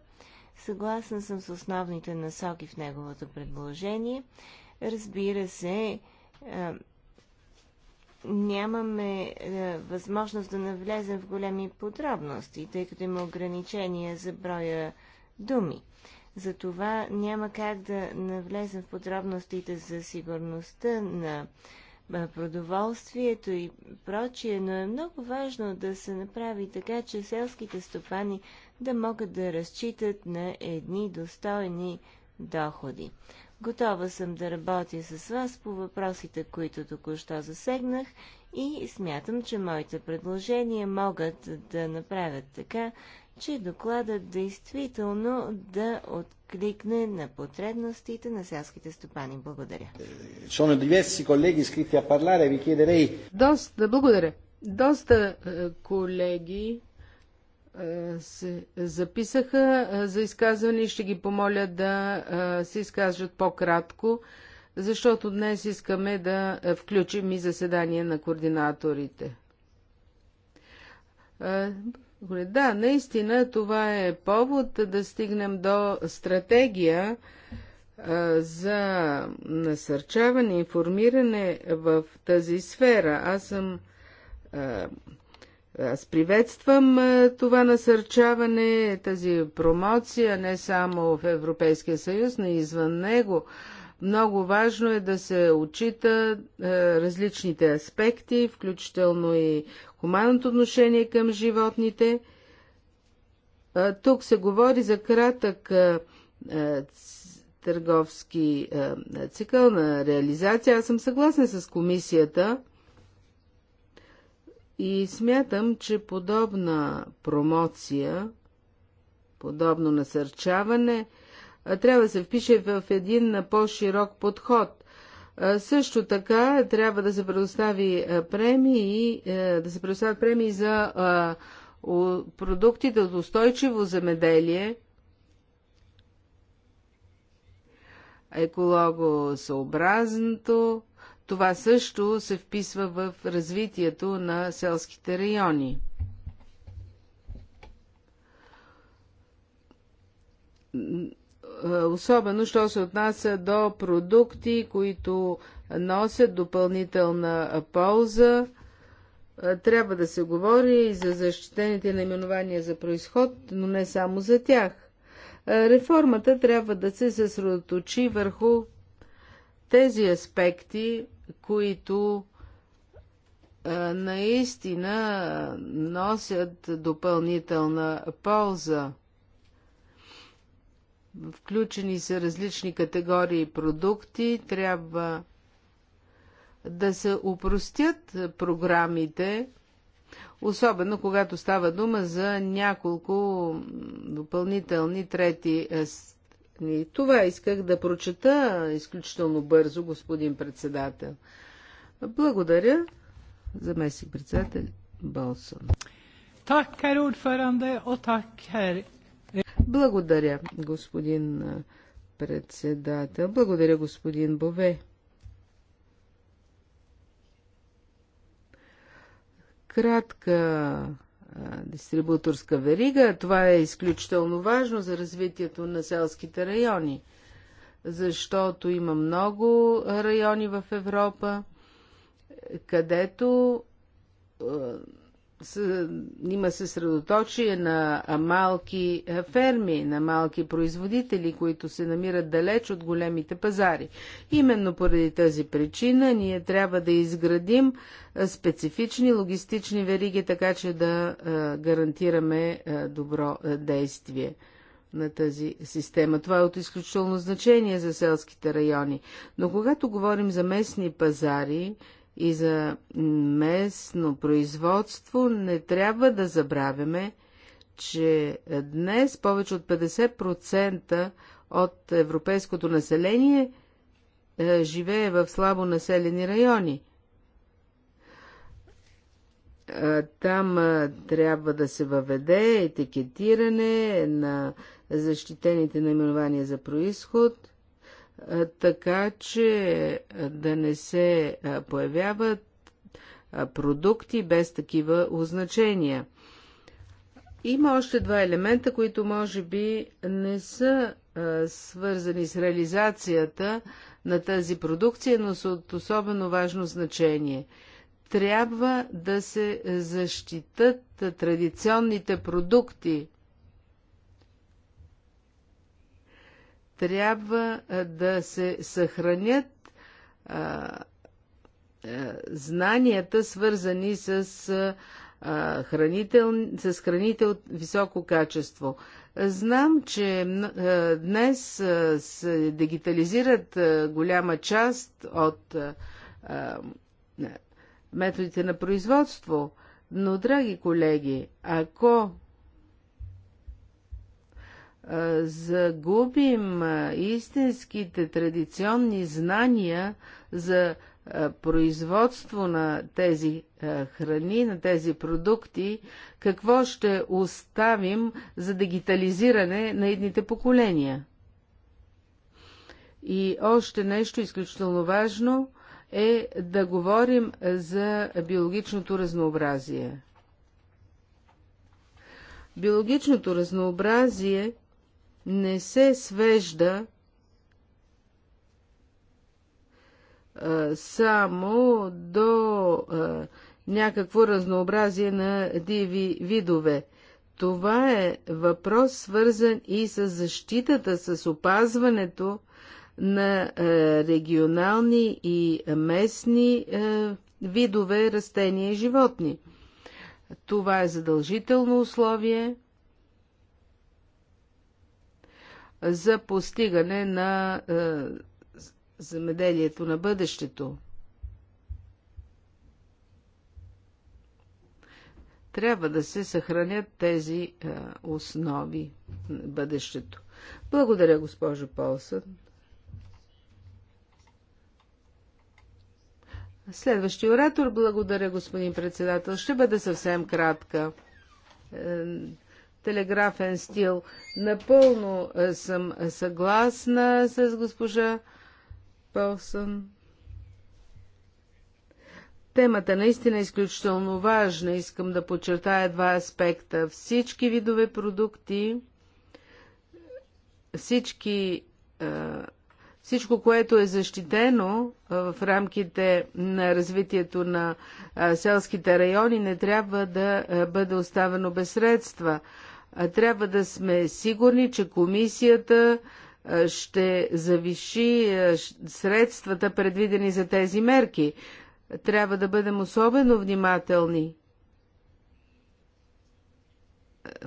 Съгласна съм с основните насоки в неговото предложение. Разбира се, нямаме е, възможност да навлезем в големи подробности, тъй като има ограничения за броя думи. Затова няма как да навлезем в подробностите за сигурността на е, продоволствието и прочие, но е много важно да се направи така, че селските стопани да могат да разчитат на едни достойни доходи. Готова съм да работя с вас по въпросите, които току-що засегнах и смятам, че моите предложения могат да направят така, че докладът действително да откликне на потребностите на селските стопани. Благодаря. Sono diversi colleghi iscritti a parlare, vi chiederei... Доста, благодаря. Доста е, колеги е, се записаха е, за изказване и ще ги помоля да е, се изкажат по-кратко, защото днес искаме да включим и заседание на координаторите. Да, наистина това е повод да стигнем до стратегия за насърчаване, и информиране в тази сфера. Аз съм аз приветствам е, това насърчаване, тази промоция не само в Европейския съюз, но и извън него. Много важно е да се отчита е, различните аспекти, включително и хуманното отношение към животните. Е, тук се говори за кратък търговски цикъл на реализация. Аз съм съгласна с комисията. И смятам, че подобна промоция, подобно насърчаване, трябва да се впише в един по-широк подход. Също така трябва да се предостави премии, да се предоставят премии за продуктите от устойчиво земеделие, екологосъобразното това също се вписва в развитието на селските райони. Особено, що се отнася до продукти, които носят допълнителна полза, трябва да се говори и за защитените наименования за происход, но не само за тях. Реформата трябва да се съсредоточи върху тези аспекти, които наистина носят допълнителна полза. Включени са различни категории продукти, трябва да се упростят програмите, особено когато става дума за няколко допълнителни трети и Това исках да прочета изключително бързо, господин председател. Благодаря, заместник председател Балсон. Так, хер ordförande, о так, хер... Благодаря, господин председател. Благодаря, господин Бове. Кратка дистрибуторска верига. Това е изключително важно за развитието на селските райони, защото има много райони в Европа, където има съсредоточие на малки ферми, на малки производители, които се намират далеч от големите пазари. Именно поради тази причина ние трябва да изградим специфични логистични вериги, така че да гарантираме добро действие на тази система. Това е от изключително значение за селските райони. Но когато говорим за местни пазари и за местно производство, не трябва да забравяме, че днес повече от 50% от европейското население е, живее в слабо населени райони. там трябва да се въведе етикетиране на защитените наименования за происход – така че да не се появяват продукти без такива означения. Има още два елемента, които може би не са свързани с реализацията на тази продукция, но са от особено важно значение. Трябва да се защитат традиционните продукти трябва да се съхранят знанията, свързани с, хранител, с храните от високо качество. Знам, че днес се дигитализират голяма част от методите на производство, но, драги колеги, ако загубим истинските традиционни знания за производство на тези храни, на тези продукти, какво ще оставим за дигитализиране на едните поколения. И още нещо изключително важно е да говорим за биологичното разнообразие. Биологичното разнообразие не се свежда а, само до а, някакво разнообразие на диви видове. Това е въпрос свързан и с защитата, с опазването на а, регионални и местни видове растения и животни. Това е задължително условие за постигане на е, земеделието на бъдещето. Трябва да се съхранят тези е, основи на бъдещето. Благодаря, госпожо Полсън. Следващия оратор, благодаря господин председател. Ще бъда съвсем кратка. Е, телеграфен стил. Напълно е, съм съгласна с госпожа Пълсън. Темата наистина е изключително важна. Искам да подчертая два аспекта. Всички видове продукти, всички, е, всичко, което е защитено е, в рамките на развитието на селските райони, не трябва да бъде оставено без средства. Трябва да сме сигурни, че комисията ще завиши средствата, предвидени за тези мерки. Трябва да бъдем особено внимателни.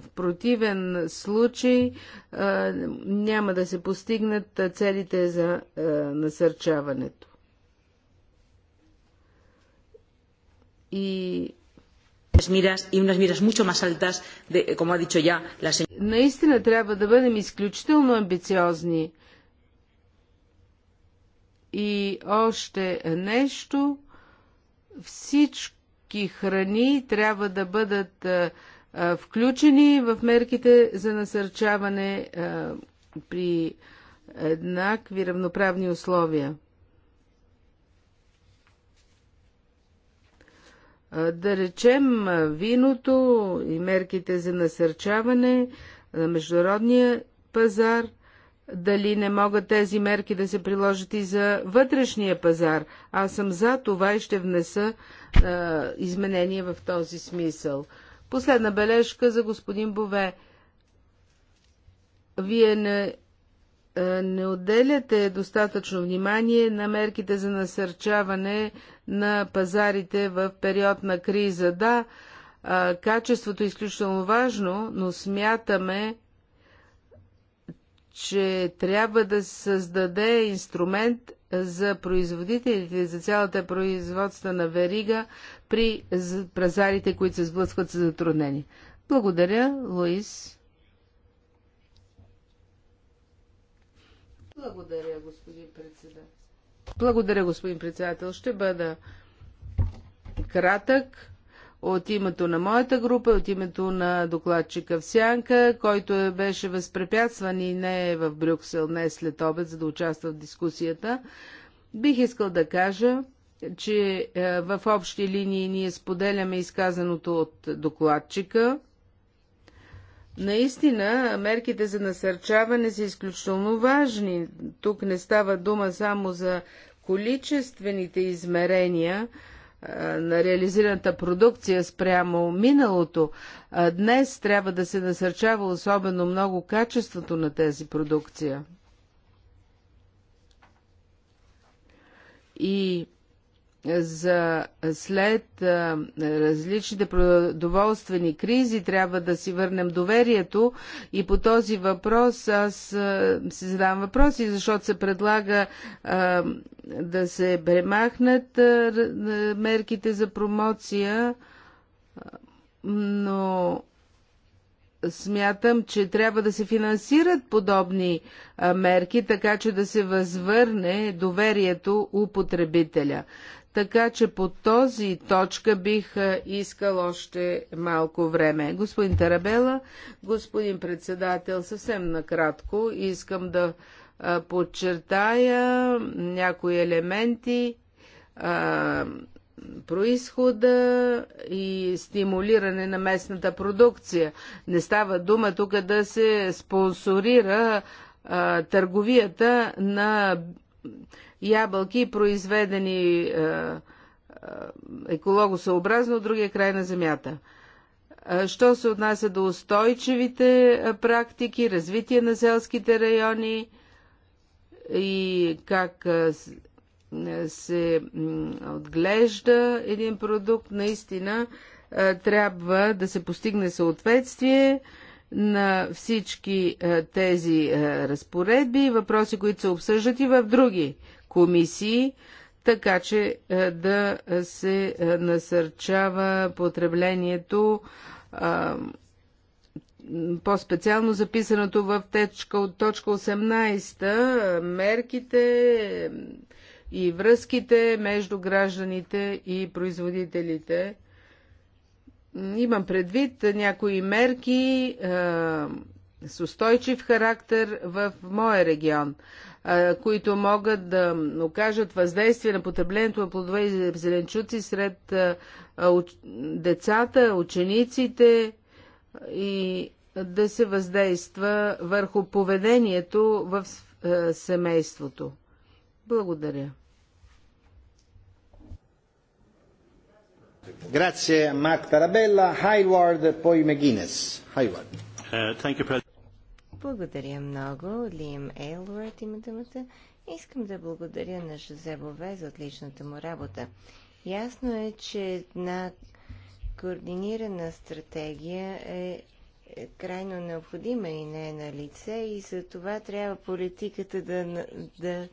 В противен случай няма да се постигнат целите за насърчаването. И мирас и unas мирас mucho más altas, de, eh, como ha dicho ya la señora. Наистина трябва да бъдем изключително амбициозни. И още нещо, всички храни трябва да бъдат а, включени в мерките за насърчаване а, при еднакви равноправни условия. Да речем виното и мерките за насърчаване на международния пазар, дали не могат тези мерки да се приложат и за вътрешния пазар. Аз съм за това и ще внеса е, изменения в този смисъл. Последна бележка за господин Бове. Вие не е, не отделяте достатъчно внимание на мерките за насърчаване на пазарите в период на криза. Да, е, качеството е изключително важно, но смятаме, че трябва да се създаде инструмент за производителите, за цялата на верига при пазарите, които се сблъскват с затруднения. Благодаря, Луис. Благодаря, господин председател. Благодаря, господин председател. Ще бъда кратък от името на моята група, от името на докладчика в Сянка, който беше възпрепятстван и не е в Брюксел днес след обед, за да участва в дискусията. Бих искал да кажа, че е, в общи линии ние споделяме изказаното от докладчика Наистина, мерките за насърчаване са изключително важни. Тук не става дума само за количествените измерения на реализираната продукция спрямо миналото. днес трябва да се насърчава особено много качеството на тази продукция. И за след а, различните продоволствени кризи трябва да си върнем доверието и по този въпрос аз а, си задавам въпроси, защото се предлага а, да се премахнат мерките за промоция, но смятам, че трябва да се финансират подобни мерки, така че да се възвърне доверието у потребителя. Така че по този точка бих искал още малко време. Господин Тарабела, господин председател, съвсем накратко искам да подчертая някои елементи, а, происхода и стимулиране на местната продукция. Не става дума тук да се спонсорира а, търговията на ябълки, произведени е, е, екологосъобразно от другия е край на земята. Е, що се отнася до устойчивите е, практики, развитие на селските райони и как се отглежда един продукт, наистина трябва да се постигне съответствие на всички тези разпоредби, и въпроси, които се обсъждат и в други комисии, така че е, да се е, насърчава потреблението е, по-специално записаното в течка, от точка 18 мерките и връзките между гражданите и производителите. Имам предвид някои мерки а, с устойчив характер в моя регион които могат да окажат въздействие на потреблението на плодове и зеленчуци сред децата, учениците и да се въздейства върху поведението в семейството. Благодаря. Grazie Mark Tarabella, Hayward, poi McGuinness. Hayward. Uh, thank you, благодаря много. Лим Ейлуард има думата. Искам да благодаря на Жозе Бове за отличната му работа. Ясно е, че една координирана стратегия е, е крайно необходима и не е на лице и за това трябва политиката да, да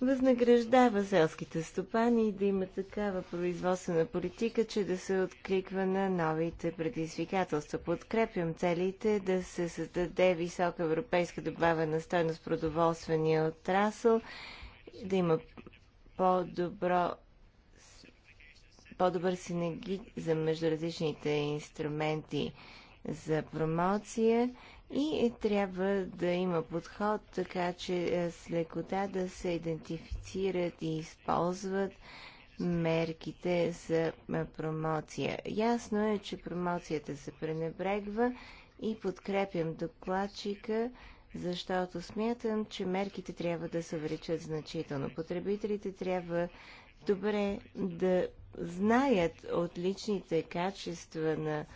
възнаграждава селските стопани и да има такава производствена политика, че да се откликва на новите предизвикателства. Подкрепям целите да се създаде висока европейска добавена стойност продоволствения отрасъл, да има по-добро по-добър синергизъм между различните инструменти за промоция и трябва да има подход, така че е, с лекота да се идентифицират и използват мерките за е, промоция. Ясно е, че промоцията се пренебрегва и подкрепям докладчика, защото смятам, че мерките трябва да се увеличат значително. Потребителите трябва добре да знаят отличните качества на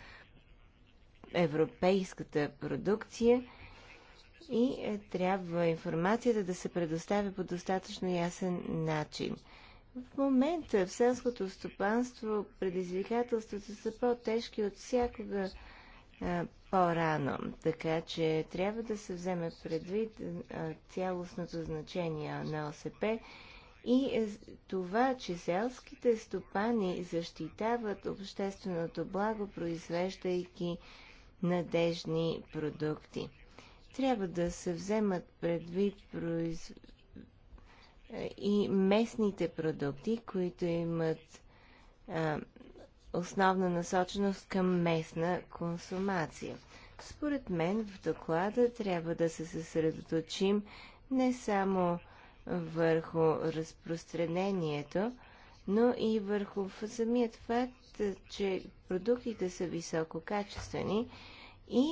европейската продукция и е, трябва информацията да се предоставя по достатъчно ясен начин. В момента в селското стопанство предизвикателствата са по-тежки от всякога е, по-рано, така че трябва да се вземе предвид е, цялостното значение на ОСП и това, че селските стопани защитават общественото благо, произвеждайки надежни продукти. Трябва да се вземат предвид произ... Е, и местните продукти, които имат а, основна насоченост към местна консумация. Според мен в доклада трябва да се съсредоточим не само върху разпространението, но и върху самият факт, факта, че продуктите са висококачествени и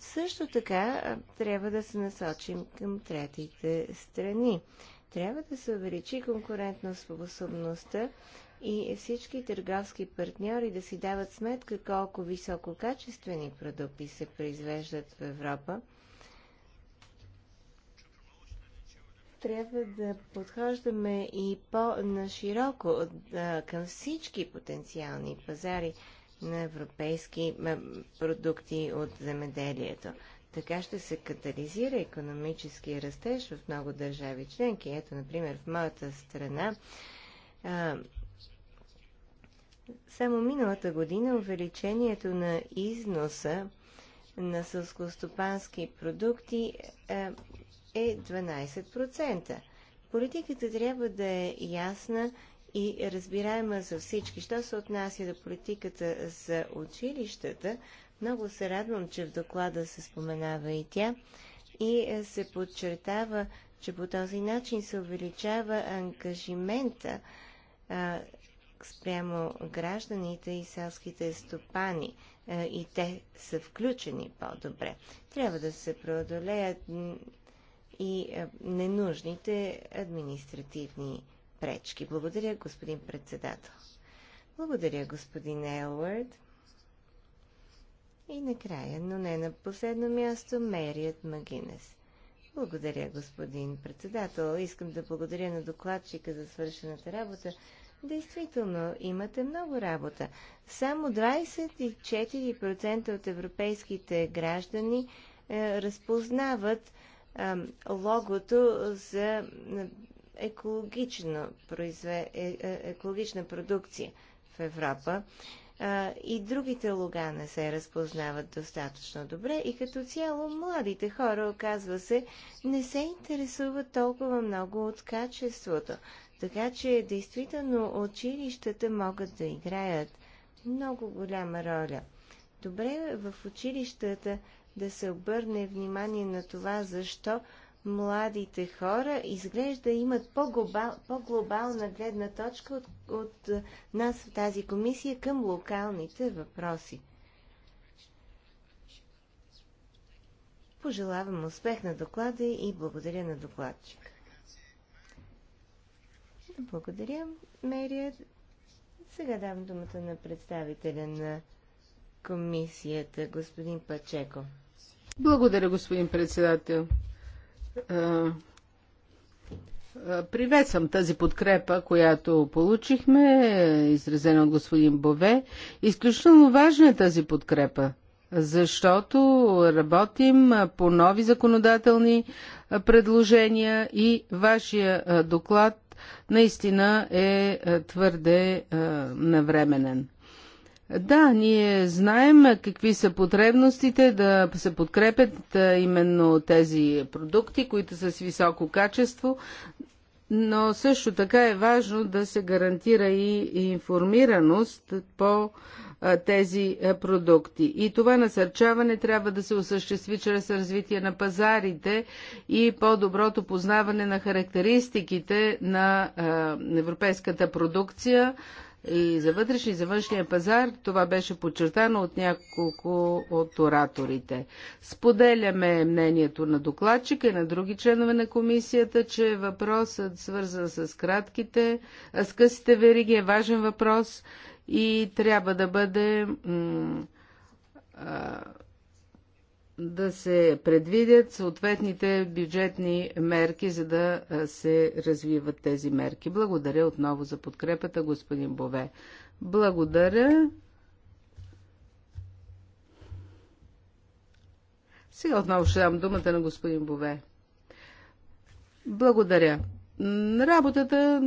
също така трябва да се насочим към третите страни. Трябва да се увеличи конкурентно способността и всички търговски партньори да си дават сметка колко висококачествени продукти се произвеждат в Европа трябва да подхождаме и по-нашироко да, към всички потенциални пазари на европейски продукти от земеделието. Така ще се катализира економически растеж в много държави членки. Ето, например, в моята страна а, само миналата година увеличението на износа на сълскостопански продукти а, е 12%. Политиката трябва да е ясна и разбираема за всички. Що се отнася до политиката за училищата, много се радвам, че в доклада се споменава и тя и е, се подчертава, че по този начин се увеличава ангажимента а, спрямо гражданите и селските стопани а, е, и те са включени по-добре. Трябва да се преодолеят и е, ненужните административни пречки. Благодаря, господин председател. Благодаря, господин Елвард. И накрая, но не на последно място, Мерият Магинес. Благодаря, господин председател. Искам да благодаря на докладчика за свършената работа. Действително, имате много работа. Само 24% от европейските граждани е, разпознават логото за екологична, произве... Е, е, екологична продукция в Европа. И другите лога не се разпознават достатъчно добре и като цяло младите хора, оказва се, не се интересуват толкова много от качеството. Така че, действително, училищата могат да играят много голяма роля. Добре в училищата да се обърне внимание на това, защо младите хора изглежда имат по-глобална гледна точка от, от нас в тази комисия към локалните въпроси. Пожелавам успех на доклада и благодаря на докладчик. Благодаря, Мерия. Сега давам думата на представителя на комисията, господин Пачеко. Благодаря, господин председател. Приветствам тази подкрепа, която получихме, изразена от господин Бове. Изключително важна е тази подкрепа, защото работим по нови законодателни предложения и вашия доклад наистина е твърде навременен. Да, ние знаем какви са потребностите да се подкрепят именно тези продукти, които са с високо качество, но също така е важно да се гарантира и информираност по тези продукти. И това насърчаване трябва да се осъществи чрез развитие на пазарите и по-доброто познаване на характеристиките на европейската продукция, и за вътрешни и за външния пазар. Това беше подчертано от няколко от ораторите. Споделяме мнението на докладчика и на други членове на комисията, че въпросът свързан с кратките, с късите вериги е важен въпрос и трябва да бъде да се предвидят съответните бюджетни мерки, за да се развиват тези мерки. Благодаря отново за подкрепата, господин Бове. Благодаря. Сега отново ще дам думата на господин Бове. Благодаря. Работата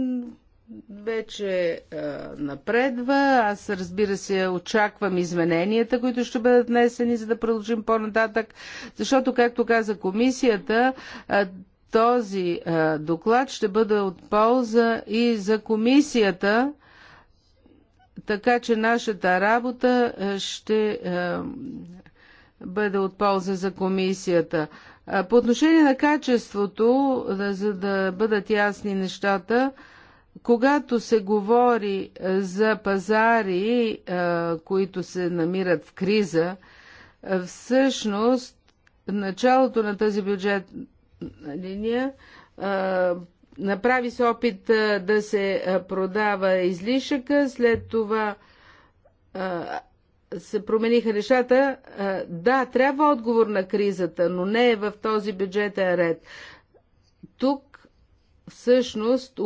вече а, напредва. Аз разбира се очаквам измененията, които ще бъдат внесени, за да продължим по-нататък, защото, както каза комисията, а, този а, доклад ще бъде от полза и за комисията, така че нашата работа ще а, бъде от полза за комисията. А, по отношение на качеството, за да бъдат ясни нещата, а, когато се говори е, за пазари, е, които се намират в криза, е, всъщност началото на тази бюджетна линия направи се опит да се продава излишъка, след това се промениха нещата. Да, трябва отговор на кризата, но не е в този бюджетен ред. Тук всъщност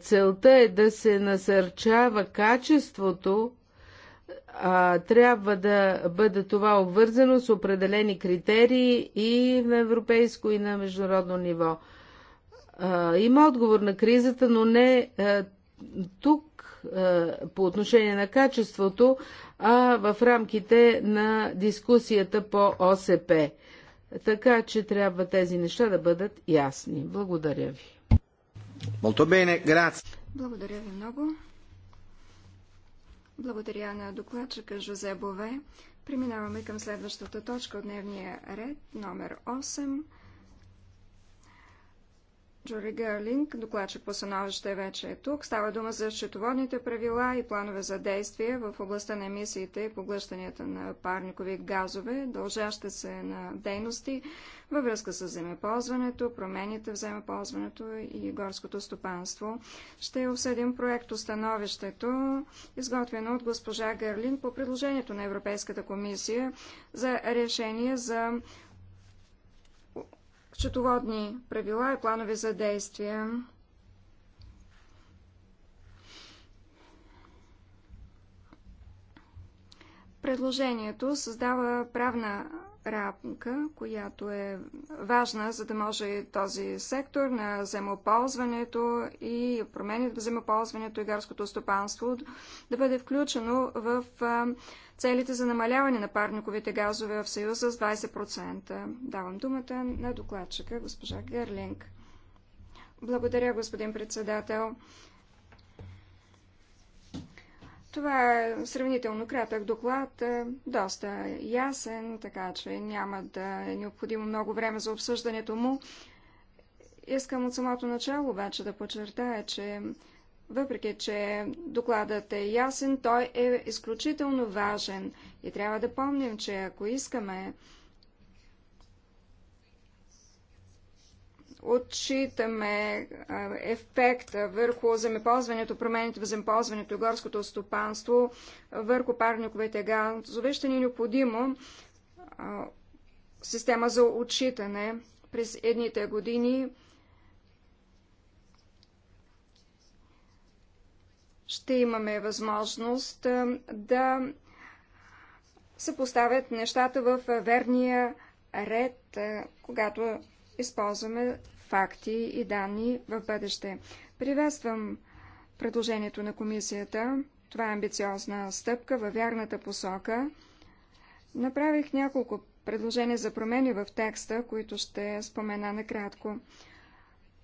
целта е да се насърчава качеството, а, трябва да бъде това обвързано с определени критерии и на европейско, и на международно ниво. А, има отговор на кризата, но не а, тук а, по отношение на качеството, а в рамките на дискусията по ОСП. Така че трябва тези неща да бъдат ясни. Благодаря ви. Molto bene, grazie. Благодаря ви много. Благодаря на докладчика Жозе Бове. Преминаваме към следващата точка от дневния ред, номер 8. Джори Гърлинг, докладчик по становище, вече е тук. Става дума за счетоводните правила и планове за действие в областта на емисиите и поглъщанията на парникови газове, дължащи се на дейности, във връзка с земеползването, промените в земеползването и горското стопанство. Ще обсъдим проект становището, изготвено от госпожа Гърлин по предложението на Европейската комисия за решение за счетоводни правила и планове за действия. Предложението създава правна рамка, която е важна, за да може този сектор на земоползването и промените в земоползването и гарското стопанство да бъде включено в целите за намаляване на парниковите газове в Съюза с 20%. Давам думата на докладчика госпожа Герлинг. Благодаря, господин председател. Това е сравнително кратък доклад, е, доста ясен, така че няма да е необходимо много време за обсъждането му. Искам от самото начало обаче да подчертая, че въпреки, че докладът е ясен, той е изключително важен и трябва да помним, че ако искаме отчитаме ефекта върху земеползването, промените в земеползването и горското стопанство, върху парниковите газове, ще ни е необходимо система за отчитане през едните години. Ще имаме възможност да се поставят нещата в верния ред, когато използваме факти и данни в бъдеще. Приветствам предложението на комисията. Това е амбициозна стъпка във вярната посока. Направих няколко предложения за промени в текста, които ще спомена накратко.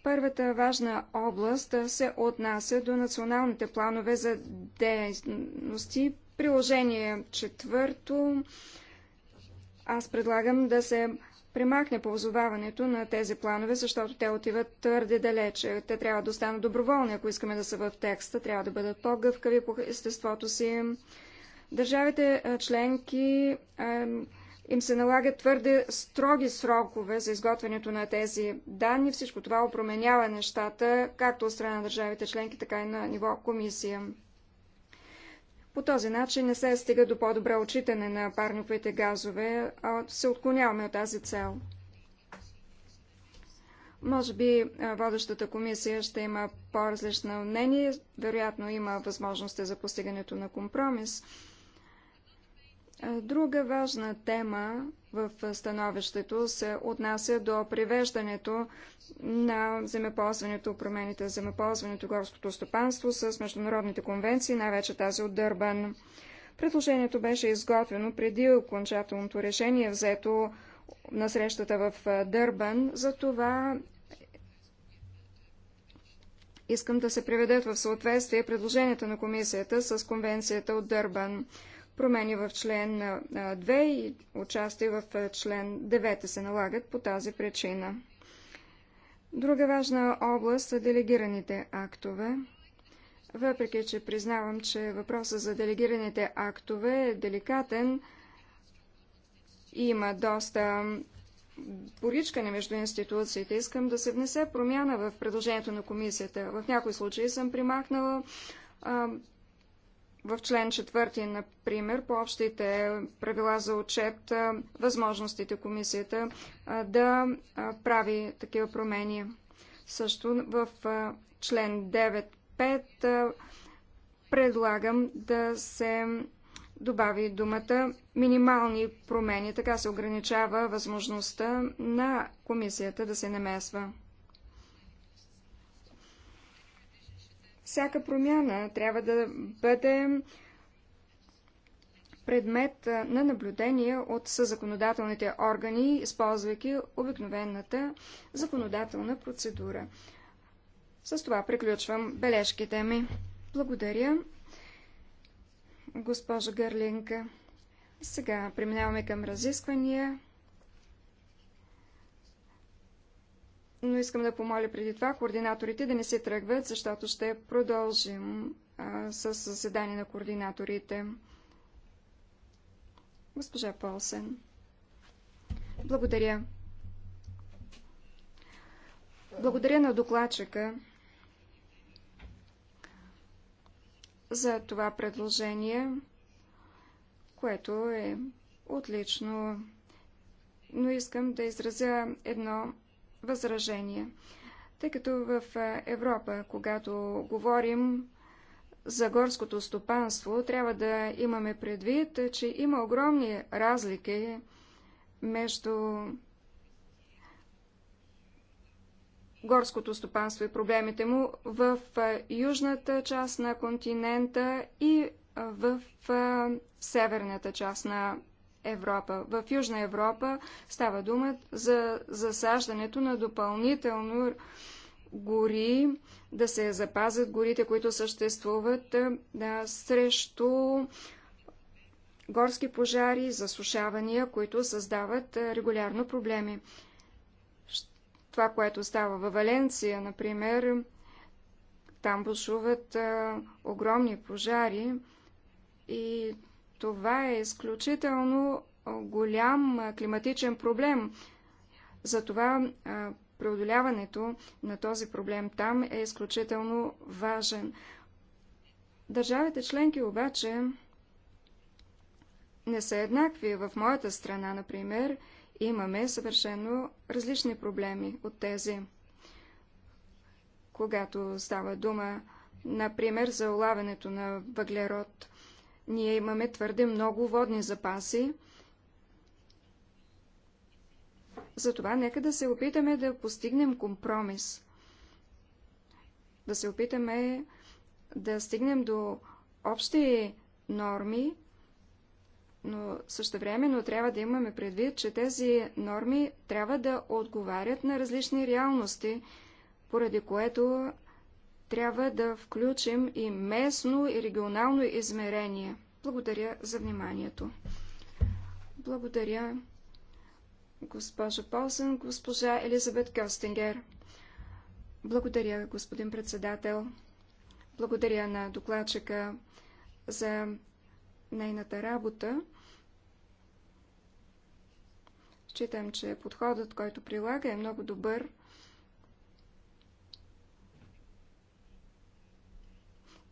Първата важна област се отнася до националните планове за дейности. Приложение четвърто. Аз предлагам да се премахне ползоваването на тези планове, защото те отиват твърде далече. Те трябва да останат доброволни, ако искаме да са в текста, трябва да бъдат по-гъвкави по естеството си. Държавите членки им се налагат твърде строги срокове за изготвянето на тези данни. Всичко това опроменява нещата, както от страна на държавите членки, така и на ниво комисия. По този начин не се стига до по-добро отчитане на парниковите газове, а се отклоняваме от тази цел. Може би водещата комисия ще има по-различно мнение, вероятно има възможности за постигането на компромис. Друга важна тема в становището се отнася до привеждането на земеползването, промените за земеползването, горското стопанство с международните конвенции, най-вече тази от Дърбан. Предложението беше изготвено преди окончателното решение, взето на срещата в Дърбан. За това искам да се приведат в съответствие предложенията на комисията с конвенцията от Дърбан. Промени в член 2 и участие в член 9 се налагат по тази причина. Друга важна област са делегираните актове. Въпреки, че признавам, че въпросът за делегираните актове е деликатен, има доста поричкане между институциите. Искам да се внесе промяна в предложението на комисията. В някои случаи съм примахнала в член 4, например, по общите правила за отчет, възможностите комисията да прави такива промени. Също в член 9.5 предлагам да се добави думата минимални промени. Така се ограничава възможността на комисията да се намесва. Всяка промяна трябва да бъде предмет на наблюдение от съзаконодателните органи, използвайки обикновената законодателна процедура. С това приключвам бележките ми. Благодаря, госпожо Гърлинка. Сега преминаваме към разисквания. но искам да помоля преди това координаторите да не се тръгват, защото ще продължим а, с заседание на координаторите. Госпожа Полсен. Благодаря. Благодаря на докладчика за това предложение, което е отлично, но искам да изразя едно възражения. Тъй като в Европа, когато говорим за горското стопанство, трябва да имаме предвид, че има огромни разлики между горското стопанство и проблемите му в южната част на континента и в северната част на Европа. В Южна Европа става дума за засаждането на допълнително гори, да се запазят горите, които съществуват е, да, срещу горски пожари, засушавания, които създават е, регулярно проблеми. Това, което става във Валенция, например, там бушуват а, е, огромни пожари и това е изключително голям климатичен проблем. Затова преодоляването на този проблем там е изключително важен. Държавите членки обаче не са еднакви. В моята страна, например, имаме съвършено различни проблеми от тези. Когато става дума, например, за улавянето на въглерод, ние имаме твърде много водни запаси. Затова нека да се опитаме да постигнем компромис. Да се опитаме да стигнем до общи норми, но същевременно трябва да имаме предвид, че тези норми трябва да отговарят на различни реалности, поради което трябва да включим и местно и регионално измерение. Благодаря за вниманието. Благодаря, госпожа Полсен, госпожа Елизабет Костингер. Благодаря, господин председател. Благодаря на докладчика за нейната работа. Считам, че подходът, който прилага, е много добър –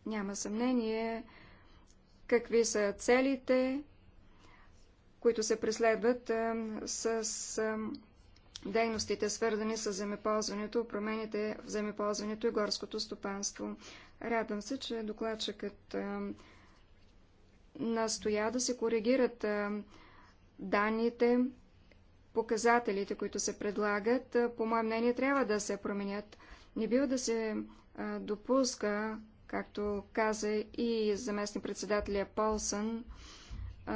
Няма съмнение какви са целите, които се преследват с дейностите, свързани с земеползването, промените в земеползването и горското стопанство. Радвам се, че докладчикът настоя да се коригират данните, показателите, които се предлагат, по мое мнение, трябва да се променят. Не бива да се допуска както каза и заместник председателя Полсън,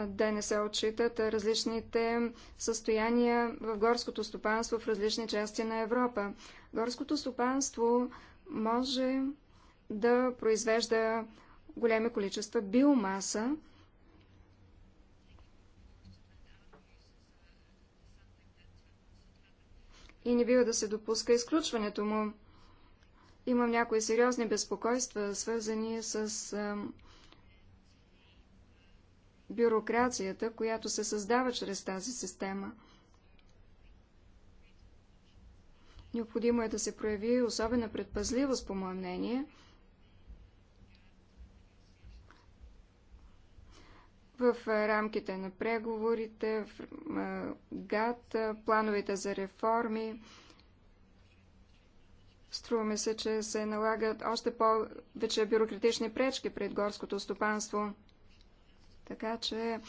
да не се отчитат различните състояния в горското стопанство в различни части на Европа. Горското стопанство може да произвежда големи количества биомаса, и не бива да се допуска изключването му. Имам някои сериозни безпокойства, свързани с а, бюрокрацията, която се създава чрез тази система. Необходимо е да се прояви особена предпазливост, по мое мнение. В рамките на преговорите, в ГАТ, плановете за реформи, Струва ми се, че се налагат още повече бюрократични пречки пред горското стопанство. Така че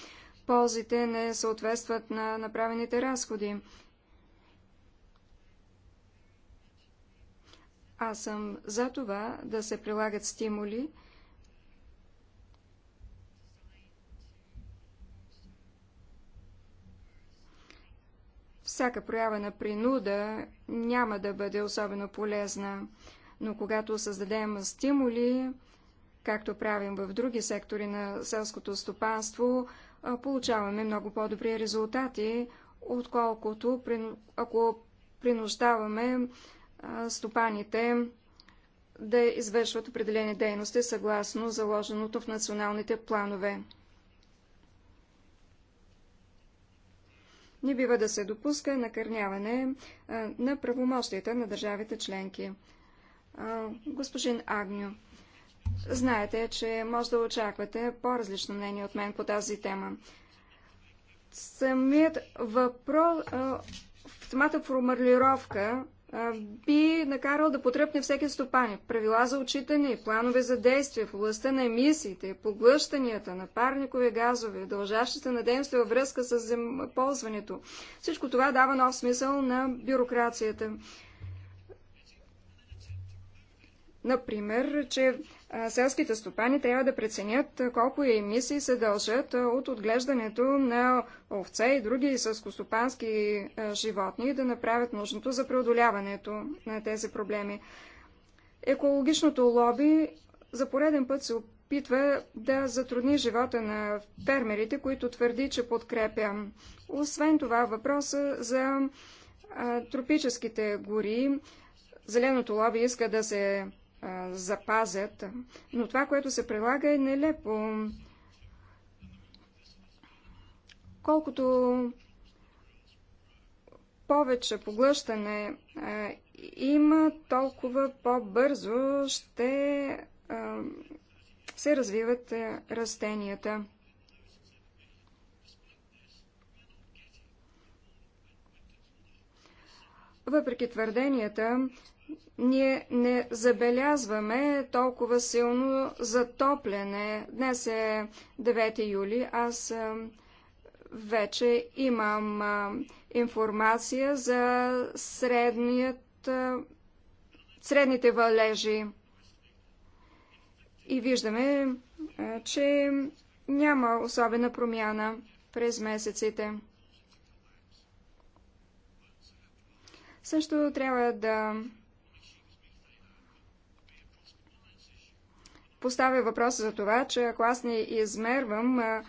ползите не съответстват на направените разходи. Аз съм за това да се прилагат стимули, Всяка проява на принуда няма да бъде особено полезна, но когато създадем стимули, както правим в други сектори на селското стопанство, получаваме много по-добри резултати, отколкото ако принуждаваме стопаните да извършват определени дейности съгласно заложеното в националните планове. Не бива да се допуска накърняване на правомощията на държавите членки. Господин Агню, знаете, че може да очаквате по-различно мнение от мен по тази тема. Самият въпрос, самата формулировка би накарал да потръпне всеки стопанин. Правила за отчитане и планове за действие в областта на емисиите, поглъщанията на парникови газове, дължащите на дейности във връзка с ползването. Всичко това дава нов смисъл на бюрокрацията. Например, че селските стопани трябва да преценят колко е емисии се дължат от отглеждането на овце и други съскостопански животни и да направят нужното за преодоляването на тези проблеми. Екологичното лоби за пореден път се опитва да затрудни живота на фермерите, които твърди, че подкрепя. Освен това, въпроса за тропическите гори. Зеленото лоби иска да се запазят. Но това, което се прилага е нелепо. Колкото повече поглъщане а, има, толкова по-бързо ще а, се развиват растенията. Въпреки твърденията, ние не забелязваме толкова силно затопляне. Днес е 9 юли. Аз вече имам информация за средният, средните валежи. И виждаме, че няма особена промяна през месеците. Също трябва да поставя въпроса за това, че ако аз не измервам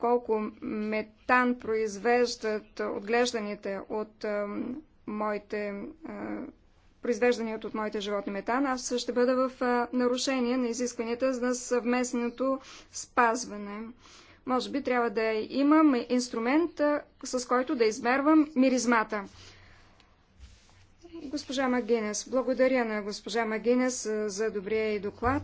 колко метан произвеждат отглежданите от моите произвежданият от моите животни метан, аз ще бъда в нарушение на изискванията за съвместното спазване. Може би трябва да имам инструмент, с който да измервам миризмата. Госпожа Магинес, благодаря на госпожа Магинес за добрия и доклад.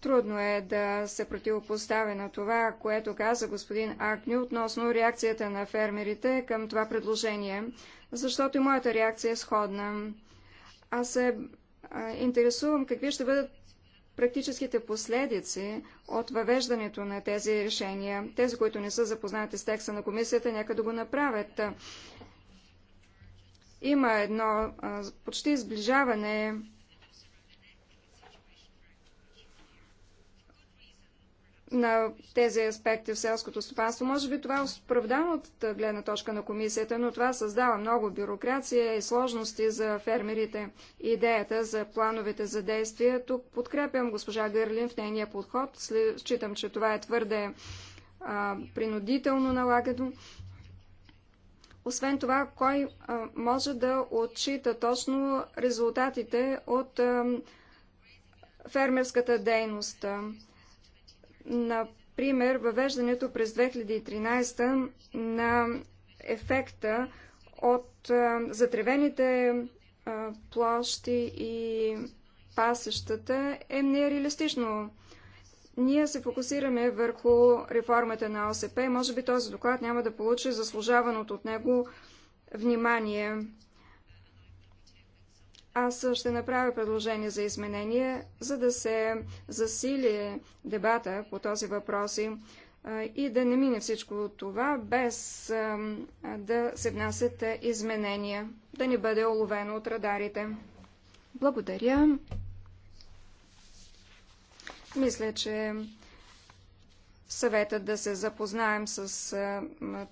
Трудно е да се противопоставя на това, което каза господин Акни относно реакцията на фермерите към това предложение, защото и моята реакция е сходна. Аз се интересувам какви ще бъдат практическите последици от въвеждането на тези решения. Тези, които не са запознати с текста на комисията, нека да го направят. Има едно а, почти сближаване на тези аспекти в селското стопанство. Може би това е оправдано от гледна точка на комисията, но това създава много бюрокрация и сложности за фермерите. Идеята за плановете за действие. Тук подкрепям госпожа Гърлин в нейния подход. Считам, че това е твърде а, принудително налагано. Освен това, кой може да отчита точно резултатите от фермерската дейност? Например, въвеждането през 2013 на ефекта от затревените площи и пасещата е нереалистично ние се фокусираме върху реформата на ОСП. Може би този доклад няма да получи заслужаваното от него внимание. Аз ще направя предложение за изменение, за да се засили дебата по този въпрос и да не мине всичко това без да се внасят изменения, да не бъде оловено от радарите. Благодаря. Мисля, че съветът да се запознаем с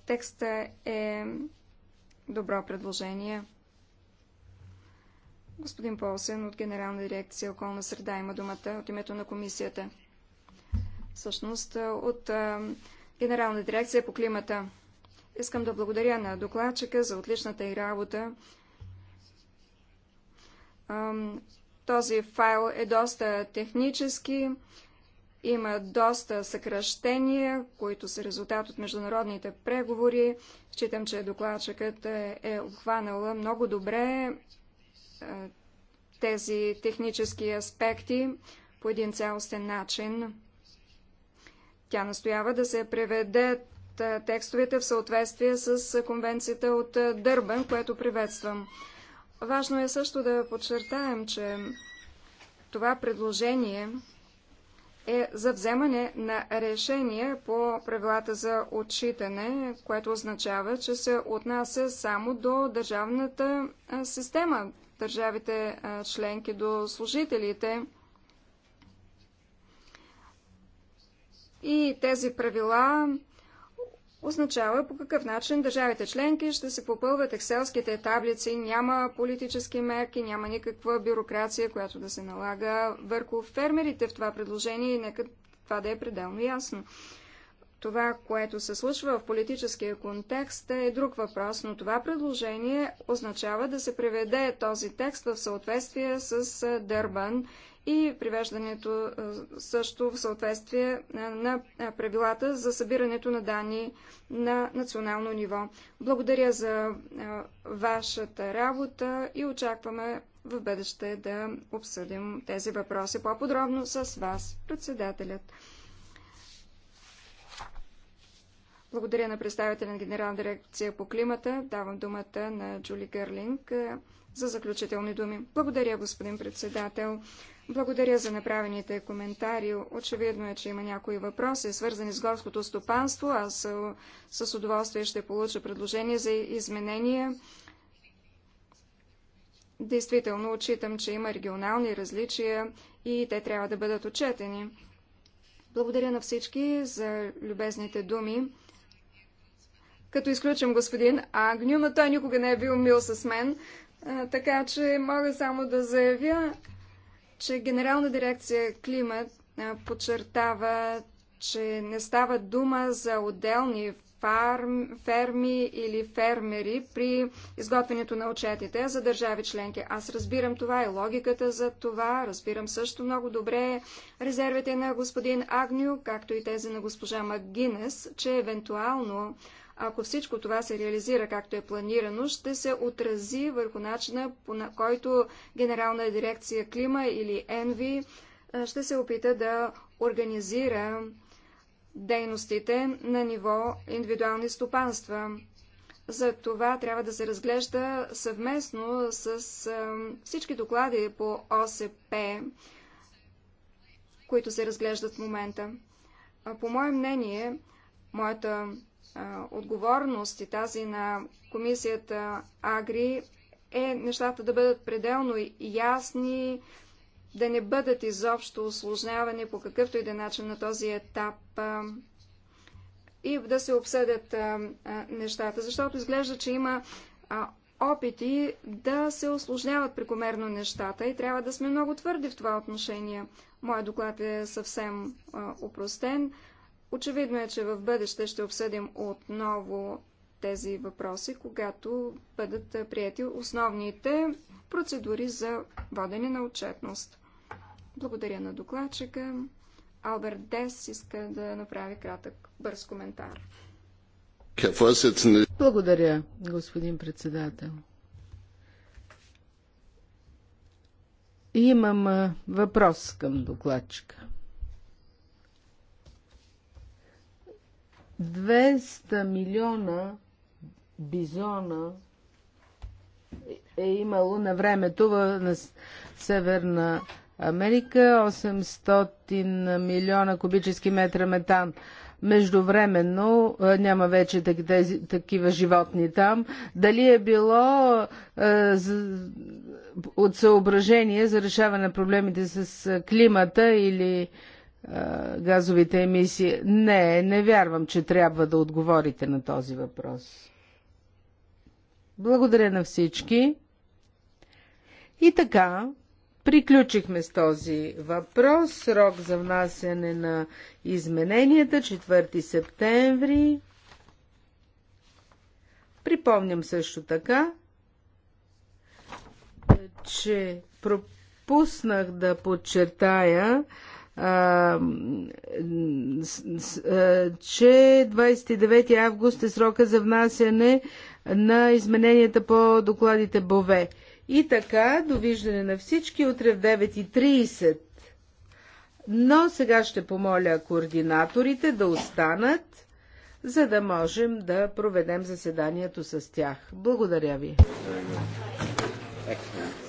текста е добро предложение. Господин Полсен от Генерална дирекция околна среда има думата от името на комисията. Всъщност от Генерална дирекция по климата. Искам да благодаря на докладчика за отличната и работа този файл е доста технически, има доста съкръщения, които са резултат от международните преговори. Считам, че докладчикът е, е обхванала много добре е, тези технически аспекти по един цялостен начин. Тя настоява да се преведат е, текстовете в съответствие с конвенцията от Дърбан, което приветствам. Важно е също да подчертаем, че това предложение е за вземане на решение по правилата за отчитане, което означава, че се отнася само до държавната система, държавите членки, до служителите. И тези правила означава по какъв начин държавите членки ще се попълват екселските таблици, няма политически мерки, няма никаква бюрокрация, която да се налага върху фермерите в това предложение и нека това да е пределно ясно. Това, което се случва в политическия контекст е друг въпрос, но това предложение означава да се преведе този текст в съответствие с Дърбан и привеждането също в съответствие на правилата за събирането на данни на национално ниво. Благодаря за вашата работа и очакваме в бъдеще да обсъдим тези въпроси по-подробно с вас, председателят. Благодаря на представителя на Генерална дирекция по климата. Давам думата на Джули Гърлинг за заключителни думи. Благодаря, господин председател. Благодаря за направените коментари. Очевидно е, че има някои въпроси, свързани с горското стопанство. Аз с удоволствие ще получа предложение за изменение. Действително, отчитам, че има регионални различия и те трябва да бъдат отчетени. Благодаря на всички за любезните думи. Като изключим господин Агню, но той никога не е бил мил с мен, така че мога само да заявя, че Генерална дирекция Климат подчертава, че не става дума за отделни фарм, ферми или фермери при изготвянето на отчетите за държави членки. Аз разбирам това и логиката за това. Разбирам също много добре резервите на господин Агню, както и тези на госпожа Магинес, че евентуално ако всичко това се реализира както е планирано, ще се отрази върху начина, по на който Генерална дирекция Клима или ЕНВИ е, ще се опита да организира дейностите на ниво индивидуални стопанства. За това трябва да се разглежда съвместно с е, всички доклади по ОСП, които се разглеждат в момента. По мое мнение, моята отговорност и тази на комисията Агри е нещата да бъдат пределно ясни, да не бъдат изобщо осложнявани по какъвто и да е начин на този етап и да се обсъдят нещата, защото изглежда, че има опити да се осложняват прекомерно нещата и трябва да сме много твърди в това отношение. Моят доклад е съвсем упростен. Очевидно е, че в бъдеще ще обсъдим отново тези въпроси, когато бъдат прияти основните процедури за водене на отчетност. Благодаря на докладчика. Алберт Дес иска да направи кратък бърз коментар. Благодаря, господин председател. Имам въпрос към докладчика. 200 милиона бизона е имало на времето в Северна Америка 800 милиона кубически метра метан. Междувременно няма вече тези, такива животни там. Дали е било е, от съображение за решаване на проблемите с климата или газовите емисии. Не, не вярвам, че трябва да отговорите на този въпрос. Благодаря на всички. И така, приключихме с този въпрос. Срок за внасяне на измененията 4 септември. Припомням също така, че пропуснах да подчертая, че 29 август е срока за внасяне на измененията по докладите БОВЕ. И така, довиждане на всички утре в 9.30. Но сега ще помоля координаторите да останат, за да можем да проведем заседанието с тях. Благодаря ви. Excellent.